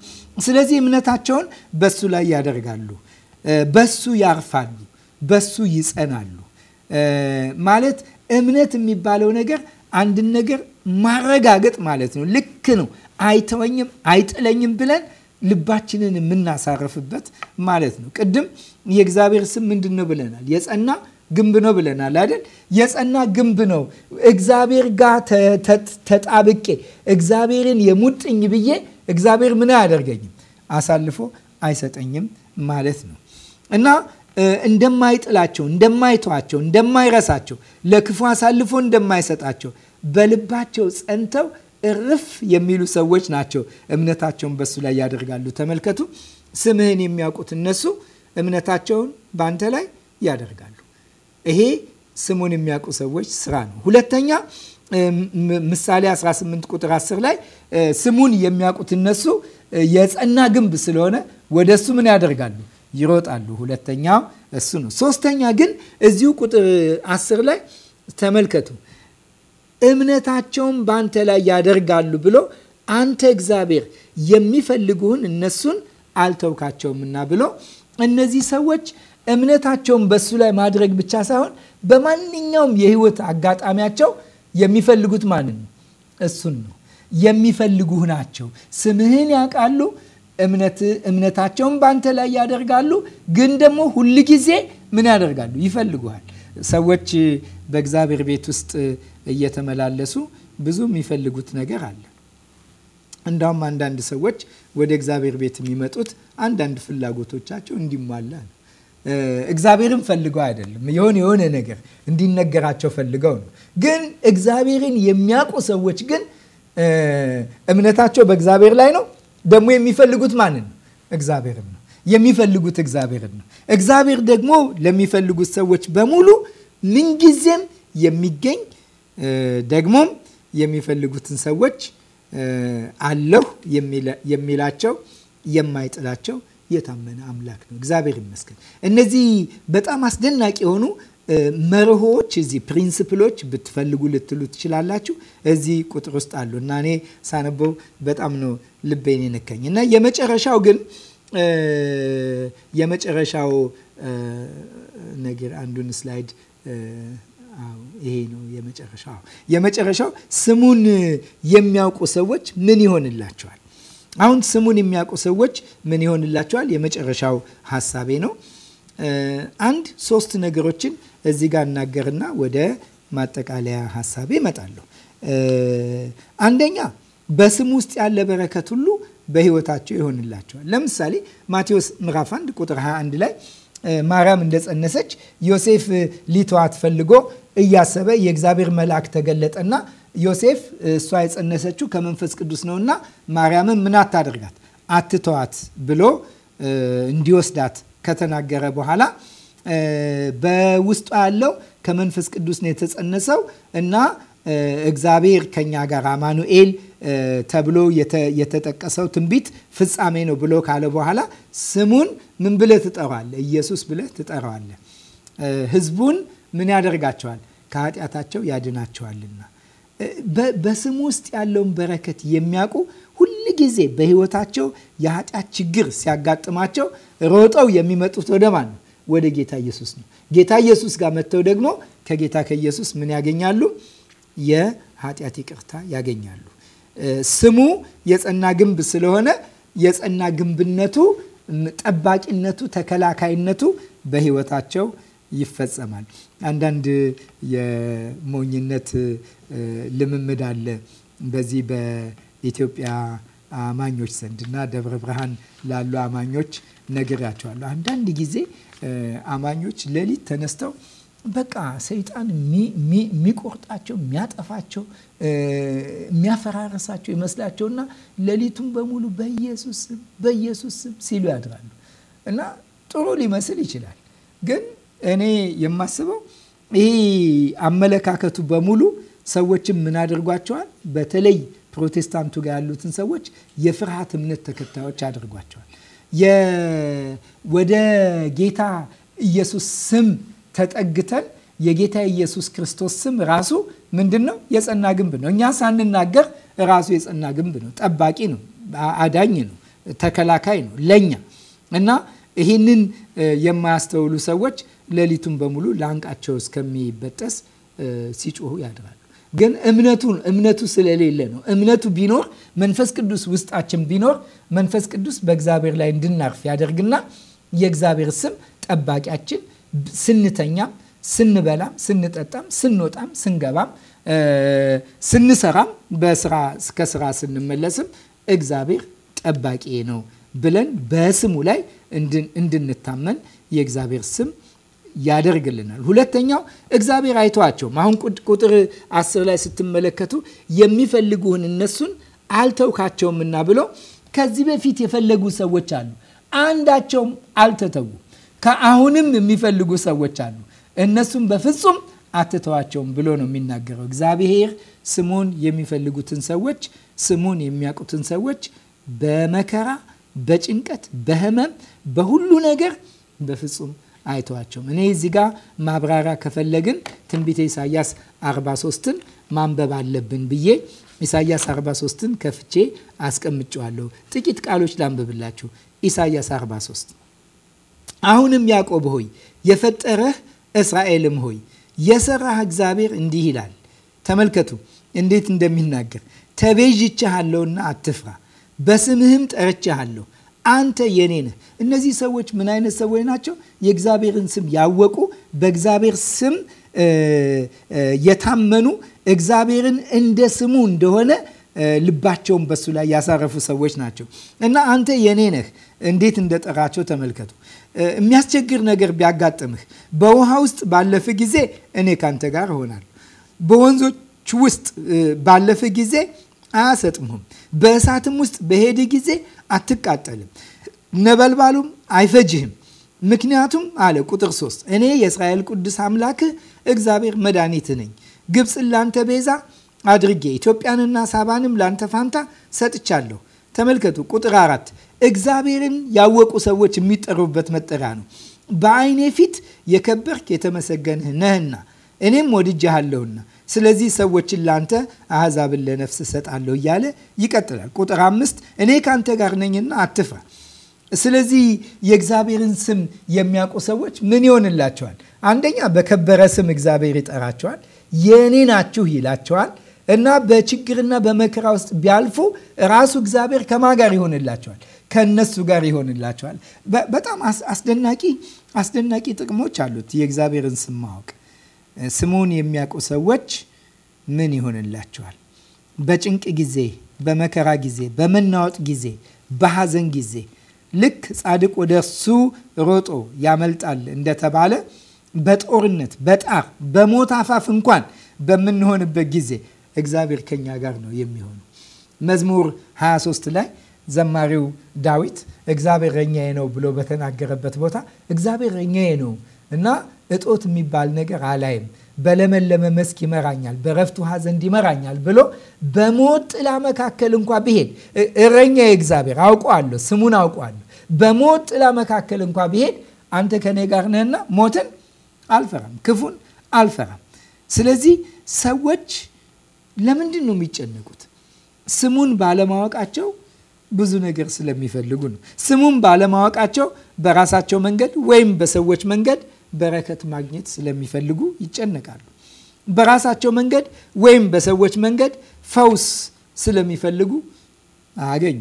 ስለዚህ እምነታቸውን በሱ ላይ ያደርጋሉ፣ በሱ ያርፋሉ፣ በሱ ይጸናሉ። ማለት እምነት የሚባለው ነገር አንድን ነገር ማረጋገጥ ማለት ነው። ልክ ነው፣ አይተወኝም፣ አይጥለኝም ብለን ልባችንን የምናሳርፍበት ማለት ነው። ቅድም የእግዚአብሔር ስም ምንድን ነው ብለናል? የጸና ግንብ ነው ብለናል አይደል? የጸና ግንብ ነው። እግዚአብሔር ጋር ተጣብቄ እግዚአብሔርን የሙጥኝ ብዬ እግዚአብሔር ምን አያደርገኝም፣ አሳልፎ አይሰጠኝም ማለት ነው እና እንደማይጥላቸው፣ እንደማይተዋቸው፣ እንደማይረሳቸው፣ ለክፉ አሳልፎ እንደማይሰጣቸው በልባቸው ጸንተው እርፍ የሚሉ ሰዎች ናቸው። እምነታቸውን በሱ ላይ ያደርጋሉ። ተመልከቱ፣ ስምህን የሚያውቁት እነሱ እምነታቸውን በአንተ ላይ ያደርጋሉ። ይሄ ስሙን የሚያውቁ ሰዎች ስራ ነው። ሁለተኛ ምሳሌ 18 ቁጥር 10 ላይ ስሙን የሚያውቁት እነሱ የጸና ግንብ ስለሆነ ወደ እሱ ምን ያደርጋሉ? ይሮጣሉ። ሁለተኛ እሱ ነው። ሶስተኛ ግን እዚሁ ቁጥር 10 ላይ ተመልከቱ። እምነታቸውን በአንተ ላይ ያደርጋሉ ብሎ አንተ እግዚአብሔር የሚፈልጉህን እነሱን አልተውካቸውምና ብሎ እነዚህ ሰዎች እምነታቸውን በሱ ላይ ማድረግ ብቻ ሳይሆን በማንኛውም የህይወት አጋጣሚያቸው የሚፈልጉት ማንን ነው? እሱን ነው የሚፈልጉህ ናቸው። ስምህን ያውቃሉ። እምነት እምነታቸውን በአንተ ላይ ያደርጋሉ። ግን ደግሞ ጊዜ ምን ያደርጋሉ? ይፈልጉሃል። ሰዎች በእግዚአብሔር ቤት ውስጥ እየተመላለሱ ብዙ የሚፈልጉት ነገር አለ። እንዳውም አንዳንድ ሰዎች ወደ እግዚአብሔር ቤት የሚመጡት አንዳንድ ፍላጎቶቻቸው እንዲሟላ ነው። እግዚአብሔርን ፈልገው አይደለም። የሆነ የሆነ ነገር እንዲነገራቸው ፈልገው ነው። ግን እግዚአብሔርን የሚያውቁ ሰዎች ግን እምነታቸው በእግዚአብሔር ላይ ነው። ደግሞ የሚፈልጉት ማንን ነው? እግዚአብሔርን ነው የሚፈልጉት። እግዚአብሔርን ነው። እግዚአብሔር ደግሞ ለሚፈልጉት ሰዎች በሙሉ ምንጊዜም የሚገኝ ደግሞም የሚፈልጉትን ሰዎች አለሁ የሚላቸው የማይጥላቸው የታመነ አምላክ ነው። እግዚአብሔር ይመስገን። እነዚህ በጣም አስደናቂ የሆኑ መርሆች እዚህ ፕሪንስፕሎች ብትፈልጉ ልትሉ ትችላላችሁ። እዚህ ቁጥር ውስጥ አሉ እና እኔ ሳነበው በጣም ነው ልቤን የነካኝ እና የመጨረሻው ግን የመጨረሻው ነገር አንዱን ስላይድ ይሄ ነው የመጨረሻው የመጨረሻው ስሙን የሚያውቁ ሰዎች ምን ይሆንላቸዋል? አሁን ስሙን የሚያውቁ ሰዎች ምን ይሆንላቸዋል? የመጨረሻው ሀሳቤ ነው። አንድ ሶስት ነገሮችን እዚህ ጋር እናገርና ወደ ማጠቃለያ ሀሳቤ እመጣለሁ። አንደኛ በስም ውስጥ ያለ በረከት ሁሉ በህይወታቸው ይሆንላቸዋል። ለምሳሌ ማቴዎስ ምዕራፍ 1 ቁጥር 21 ላይ ማርያም እንደጸነሰች ዮሴፍ ሊተዋት ፈልጎ እያሰበ የእግዚአብሔር መልአክ ተገለጠና ዮሴፍ እሷ የጸነሰችው ከመንፈስ ቅዱስ ነውና ማርያምን ምን አታደርጋት አትተዋት ብሎ እንዲወስዳት ከተናገረ በኋላ በውስጧ ያለው ከመንፈስ ቅዱስ ነው የተጸነሰው እና እግዚአብሔር ከኛ ጋር አማኑኤል ተብሎ የተጠቀሰው ትንቢት ፍጻሜ ነው ብሎ ካለ በኋላ ስሙን ምን ብለህ ትጠራዋለህ? ኢየሱስ ብለህ ትጠራዋለህ። ህዝቡን ምን ያደርጋቸዋል? ከኃጢአታቸው ያድናቸዋልና በስሙ ውስጥ ያለውን በረከት የሚያውቁ ሁል ጊዜ በህይወታቸው የኃጢአት ችግር ሲያጋጥማቸው ሮጠው የሚመጡት ወደ ማን ነው? ወደ ጌታ ኢየሱስ ነው። ጌታ ኢየሱስ ጋር መጥተው ደግሞ ከጌታ ከኢየሱስ ምን ያገኛሉ? የኃጢአት ይቅርታ ያገኛሉ። ስሙ የጸና ግንብ ስለሆነ የጸና ግንብነቱ፣ ጠባቂነቱ፣ ተከላካይነቱ በህይወታቸው ይፈጸማል። አንዳንድ የሞኝነት ልምምድ አለ በዚህ በኢትዮጵያ አማኞች ዘንድ እና ደብረ ብርሃን ላሉ አማኞች ነግሬያቸዋለሁ። አንዳንድ ጊዜ አማኞች ሌሊት ተነስተው በቃ ሰይጣን የሚቆርጣቸው የሚያጠፋቸው የሚያፈራረሳቸው ይመስላቸውና ሌሊቱን በሙሉ በኢየሱስ ስም በኢየሱስ ስም ሲሉ ያድራሉ እና ጥሩ ሊመስል ይችላል ግን እኔ የማስበው ይሄ አመለካከቱ በሙሉ ሰዎችን ምን አድርጓቸዋል? በተለይ ፕሮቴስታንቱ ጋር ያሉትን ሰዎች የፍርሃት እምነት ተከታዮች አድርጓቸዋል። ወደ ጌታ ኢየሱስ ስም ተጠግተን የጌታ ኢየሱስ ክርስቶስ ስም ራሱ ምንድን ነው? የጸና ግንብ ነው። እኛ ሳንናገር ራሱ የጸና ግንብ ነው። ጠባቂ ነው፣ አዳኝ ነው፣ ተከላካይ ነው ለኛ እና ይህንን የማያስተውሉ ሰዎች ሌሊቱን በሙሉ ላንቃቸው እስከሚበጠስ ሲጮሁ ያድራሉ። ግን እምነቱን እምነቱ ስለሌለ ነው። እምነቱ ቢኖር መንፈስ ቅዱስ ውስጣችን ቢኖር መንፈስ ቅዱስ በእግዚአብሔር ላይ እንድናርፍ ያደርግና የእግዚአብሔር ስም ጠባቂያችን ስንተኛም፣ ስንበላም፣ ስንጠጣም፣ ስንወጣም፣ ስንገባም፣ ስንሰራም፣ በስራ ከስራ ስንመለስም እግዚአብሔር ጠባቂ ነው ብለን በስሙ ላይ እንድንታመን የእግዚአብሔር ስም ያደርግልናል። ሁለተኛው እግዚአብሔር አይተዋቸውም። አሁን ቁጥር አስር ላይ ስትመለከቱ የሚፈልጉህን እነሱን አልተውካቸውምና ብሎ ከዚህ በፊት የፈለጉ ሰዎች አሉ፣ አንዳቸውም አልተተዉ። ከአሁንም የሚፈልጉ ሰዎች አሉ፣ እነሱም በፍጹም አትተዋቸውም ብሎ ነው የሚናገረው። እግዚአብሔር ስሙን የሚፈልጉትን ሰዎች ስሙን የሚያውቁትን ሰዎች በመከራ፣ በጭንቀት፣ በህመም በሁሉ ነገር በፍጹም አይተዋቸውም። እኔ እዚህ ጋር ማብራሪያ ከፈለግን ትንቢተ ኢሳያስ 43ን ማንበብ አለብን ብዬ ኢሳያስ 43ን ከፍቼ አስቀምጨዋለሁ። ጥቂት ቃሎች ላንብብላችሁ። ኢሳያስ 43 አሁንም ያዕቆብ ሆይ የፈጠረህ እስራኤልም ሆይ የሰራህ እግዚአብሔር እንዲህ ይላል። ተመልከቱ እንዴት እንደሚናገር ተቤዥቼሃለሁና አትፍራ፣ በስምህም ጠርቼሃለሁ አንተ የኔ ነህ። እነዚህ ሰዎች ምን አይነት ሰዎች ናቸው? የእግዚአብሔርን ስም ያወቁ፣ በእግዚአብሔር ስም የታመኑ፣ እግዚአብሔርን እንደ ስሙ እንደሆነ ልባቸውን በሱ ላይ ያሳረፉ ሰዎች ናቸው እና አንተ የኔ ነህ። እንዴት እንደጠራቸው ተመልከቱ። የሚያስቸግር ነገር ቢያጋጥምህ በውሃ ውስጥ ባለፍ ጊዜ እኔ ካንተ ጋር እሆናለሁ። በወንዞች ውስጥ ባለፍ ጊዜ አያሰጥምም። በእሳትም ውስጥ በሄደ ጊዜ አትቃጠልም፣ ነበልባሉም አይፈጅህም። ምክንያቱም አለ ቁጥር 3 እኔ የእስራኤል ቅዱስ አምላክህ እግዚአብሔር መድኃኒት ነኝ። ግብፅን ላንተ ቤዛ አድርጌ ኢትዮጵያንና ሳባንም ላንተ ፋንታ ሰጥቻለሁ። ተመልከቱ ቁጥር አራት እግዚአብሔርን ያወቁ ሰዎች የሚጠሩበት መጠሪያ ነው። በዓይኔ ፊት የከበርክ የተመሰገንህ ነህና እኔም ወድጄሃለሁና ስለዚህ ሰዎችን ላንተ አሕዛብን ለነፍስ እሰጣለሁ እያለ ይቀጥላል። ቁጥር አምስት እኔ ከአንተ ጋር ነኝና አትፍራ። ስለዚህ የእግዚአብሔርን ስም የሚያውቁ ሰዎች ምን ይሆንላቸዋል? አንደኛ በከበረ ስም እግዚአብሔር ይጠራቸዋል፣ የእኔ ናችሁ ይላቸዋል እና በችግርና በመከራ ውስጥ ቢያልፉ ራሱ እግዚአብሔር ከማ ጋር ይሆንላቸዋል? ከነሱ ጋር ይሆንላቸዋል። በጣም አስደናቂ አስደናቂ ጥቅሞች አሉት የእግዚአብሔርን ስም ማወቅ። ስሙን የሚያውቁ ሰዎች ምን ይሆንላቸዋል? በጭንቅ ጊዜ፣ በመከራ ጊዜ፣ በመናወጥ ጊዜ፣ በሐዘን ጊዜ ልክ ጻድቅ ወደ እሱ ሮጦ ያመልጣል እንደተባለ በጦርነት በጣር በሞት አፋፍ እንኳን በምንሆንበት ጊዜ እግዚአብሔር ከኛ ጋር ነው የሚሆኑ። መዝሙር 23 ላይ ዘማሪው ዳዊት እግዚአብሔር እረኛዬ ነው ብሎ በተናገረበት ቦታ እግዚአብሔር እረኛዬ ነው እና እጦት የሚባል ነገር አላይም፣ በለመለመ መስክ ይመራኛል፣ በረፍት ውሃ ዘንድ ይመራኛል ብሎ በሞት ጥላ መካከል እንኳ ብሄድ እረኛ እግዚአብሔር አውቀዋለሁ፣ ስሙን አውቀዋለሁ። በሞት ጥላ መካከል እንኳ ብሄድ አንተ ከኔ ጋር ነህና ሞትን አልፈራም፣ ክፉን አልፈራም። ስለዚህ ሰዎች ለምንድን ነው የሚጨነቁት? ስሙን ባለማወቃቸው ብዙ ነገር ስለሚፈልጉ ነው። ስሙን ባለማወቃቸው በራሳቸው መንገድ ወይም በሰዎች መንገድ በረከት ማግኘት ስለሚፈልጉ ይጨነቃሉ። በራሳቸው መንገድ ወይም በሰዎች መንገድ ፈውስ ስለሚፈልጉ አያገኙ።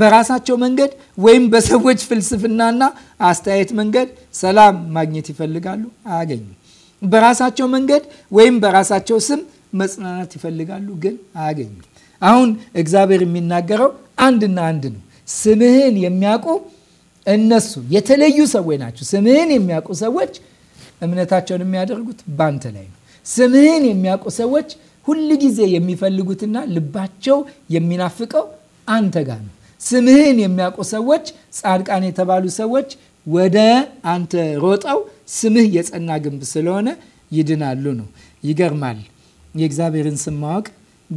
በራሳቸው መንገድ ወይም በሰዎች ፍልስፍናና አስተያየት መንገድ ሰላም ማግኘት ይፈልጋሉ፣ አያገኙ። በራሳቸው መንገድ ወይም በራሳቸው ስም መጽናናት ይፈልጋሉ፣ ግን አያገኙ። አሁን እግዚአብሔር የሚናገረው አንድና አንድ ነው። ስምህን የሚያውቁ እነሱ የተለዩ ሰዎች ናቸው። ስምህን የሚያውቁ ሰዎች እምነታቸውን የሚያደርጉት ባንተ ላይ ነው። ስምህን የሚያውቁ ሰዎች ሁል ጊዜ የሚፈልጉትና ልባቸው የሚናፍቀው አንተ ጋር ነው። ስምህን የሚያውቁ ሰዎች፣ ጻድቃን የተባሉ ሰዎች ወደ አንተ ሮጠው ስምህ የጸና ግንብ ስለሆነ ይድናሉ ነው። ይገርማል። የእግዚአብሔርን ስም ማወቅ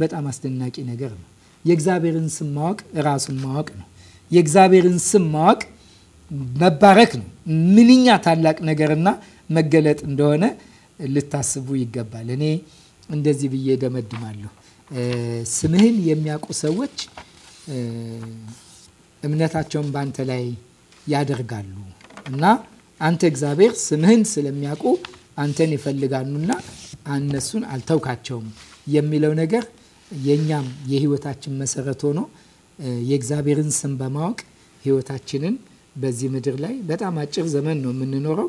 በጣም አስደናቂ ነገር ነው። የእግዚአብሔርን ስም ማወቅ ራሱን ማወቅ ነው። የእግዚአብሔርን ስም ማወቅ መባረክ ነው። ምንኛ ታላቅ ነገርና መገለጥ እንደሆነ ልታስቡ ይገባል። እኔ እንደዚህ ብዬ ደመድማለሁ። ስምህን የሚያውቁ ሰዎች እምነታቸውን በአንተ ላይ ያደርጋሉ እና አንተ እግዚአብሔር ስምህን ስለሚያውቁ አንተን ይፈልጋሉና እነሱን አልተውካቸውም የሚለው ነገር የእኛም የህይወታችን መሰረት ሆኖ የእግዚአብሔርን ስም በማወቅ ህይወታችንን ። በዚህ ምድር ላይ በጣም አጭር ዘመን ነው የምንኖረው።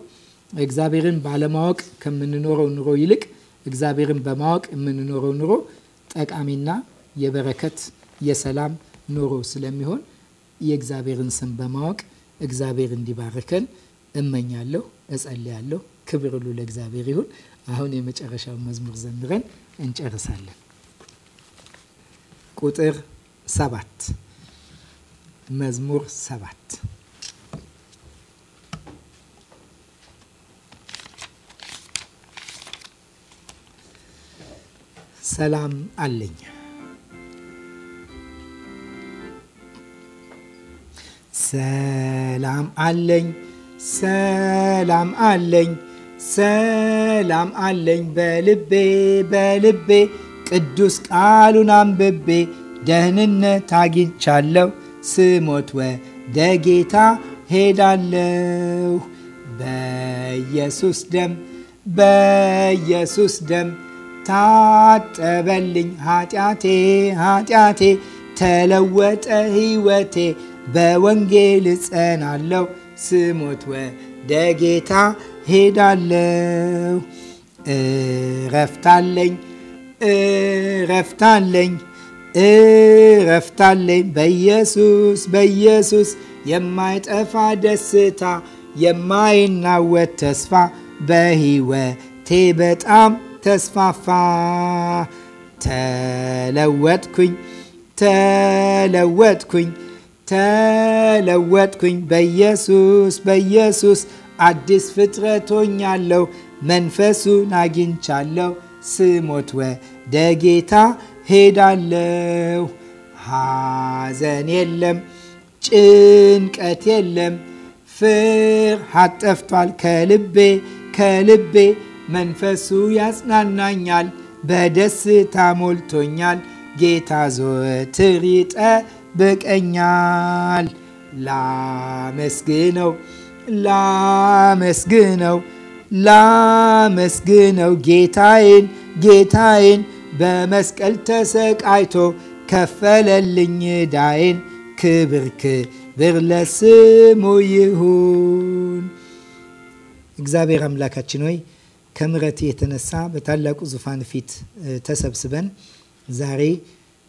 እግዚአብሔርን ባለማወቅ ከምንኖረው ኑሮ ይልቅ እግዚአብሔርን በማወቅ የምንኖረው ኑሮ ጠቃሚና የበረከት የሰላም ኑሮ ስለሚሆን የእግዚአብሔርን ስም በማወቅ እግዚአብሔር እንዲባርከን እመኛለሁ፣ እጸልያለሁ። ክብር ሁሉ ለእግዚአብሔር ይሁን። አሁን የመጨረሻው መዝሙር ዘምረን እንጨርሳለን። ቁጥር ሰባት መዝሙር ሰባት ሰላም አለኝ። ሰላም አለኝ፣ ሰላም አለኝ፣ ሰላም አለኝ በልቤ በልቤ ቅዱስ ቃሉን አንብቤ ደህንነት አግኝቻለሁ። ስሞት ወደ ጌታ ሄዳለሁ። በኢየሱስ ደም በኢየሱስ ደም ታጠበልኝ ኃጢአቴ ኃጢአቴ ተለወጠ ሕይወቴ በወንጌል እጸናለሁ ስሞት ወደ ጌታ ሄዳለሁ። እረፍታለኝ እረፍታለኝ እረፍታለኝ በኢየሱስ በኢየሱስ የማይጠፋ ደስታ የማይናወት ተስፋ በሕይወቴ በጣም ተስፋፋ። ተለወጥኩኝ ተለወጥኩኝ ተለወጥኩኝ በኢየሱስ በኢየሱስ አዲስ ፍጥረት ሆኛለሁ። መንፈሱን አግኝቻለሁ። ስሞት ወደ ጌታ ሄዳለሁ። ሐዘን የለም፣ ጭንቀት የለም፣ ፍርሃት ጠፍቷል ከልቤ ከልቤ መንፈሱ ያጽናናኛል፣ በደስታ ሞልቶኛል። ጌታ ዘወትር ይጠብቀኛል። ላመስግነው ላመስግነው ላመስግነው ጌታዬን ጌታዬን በመስቀል ተሰቃይቶ ከፈለልኝ ዳዬን። ክብር ክብር ለስሙ ይሁን። እግዚአብሔር አምላካችን ሆይ ከምረት የተነሳ በታላቁ ዙፋን ፊት ተሰብስበን ዛሬ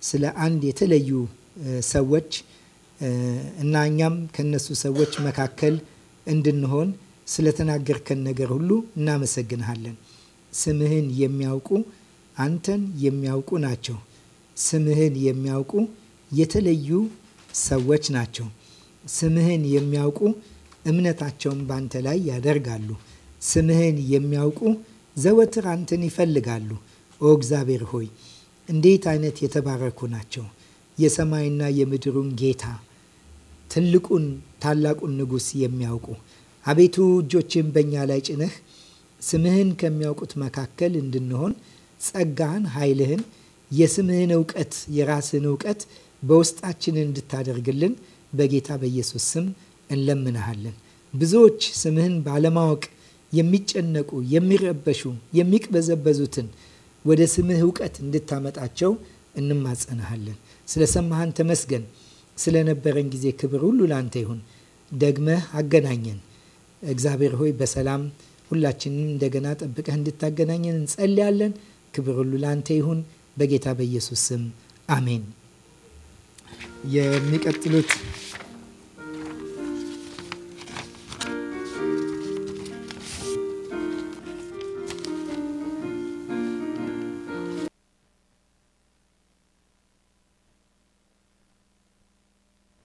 ስለ አንድ የተለዩ ሰዎች እና እኛም ከነሱ ሰዎች መካከል እንድንሆን ስለተናገርከን ነገር ሁሉ እናመሰግንሃለን። ስምህን የሚያውቁ አንተን የሚያውቁ ናቸው። ስምህን የሚያውቁ የተለዩ ሰዎች ናቸው። ስምህን የሚያውቁ እምነታቸውን ባንተ ላይ ያደርጋሉ። ስምህን የሚያውቁ ዘወትር አንተን ይፈልጋሉ። ኦ እግዚአብሔር ሆይ እንዴት አይነት የተባረኩ ናቸው። የሰማይና የምድሩን ጌታ ትልቁን ታላቁን ንጉሥ የሚያውቁ አቤቱ እጆችን በእኛ ላይ ጭነህ ስምህን ከሚያውቁት መካከል እንድንሆን ጸጋህን፣ ኃይልህን፣ የስምህን እውቀት የራስህን እውቀት በውስጣችን እንድታደርግልን በጌታ በኢየሱስ ስም እንለምንሃለን። ብዙዎች ስምህን ባለማወቅ የሚጨነቁ፣ የሚረበሹ፣ የሚቅበዘበዙትን ወደ ስምህ እውቀት እንድታመጣቸው እንማጸናሃለን። ስለ ሰማሃን ተመስገን። ስለነበረን ጊዜ ክብር ሁሉ ለአንተ ይሁን። ደግመህ አገናኘን። እግዚአብሔር ሆይ በሰላም ሁላችንም እንደገና ጠብቀህ እንድታገናኘን እንጸልያለን። ክብር ሁሉ ለአንተ ይሁን። በጌታ በኢየሱስ ስም አሜን። የሚቀጥሉት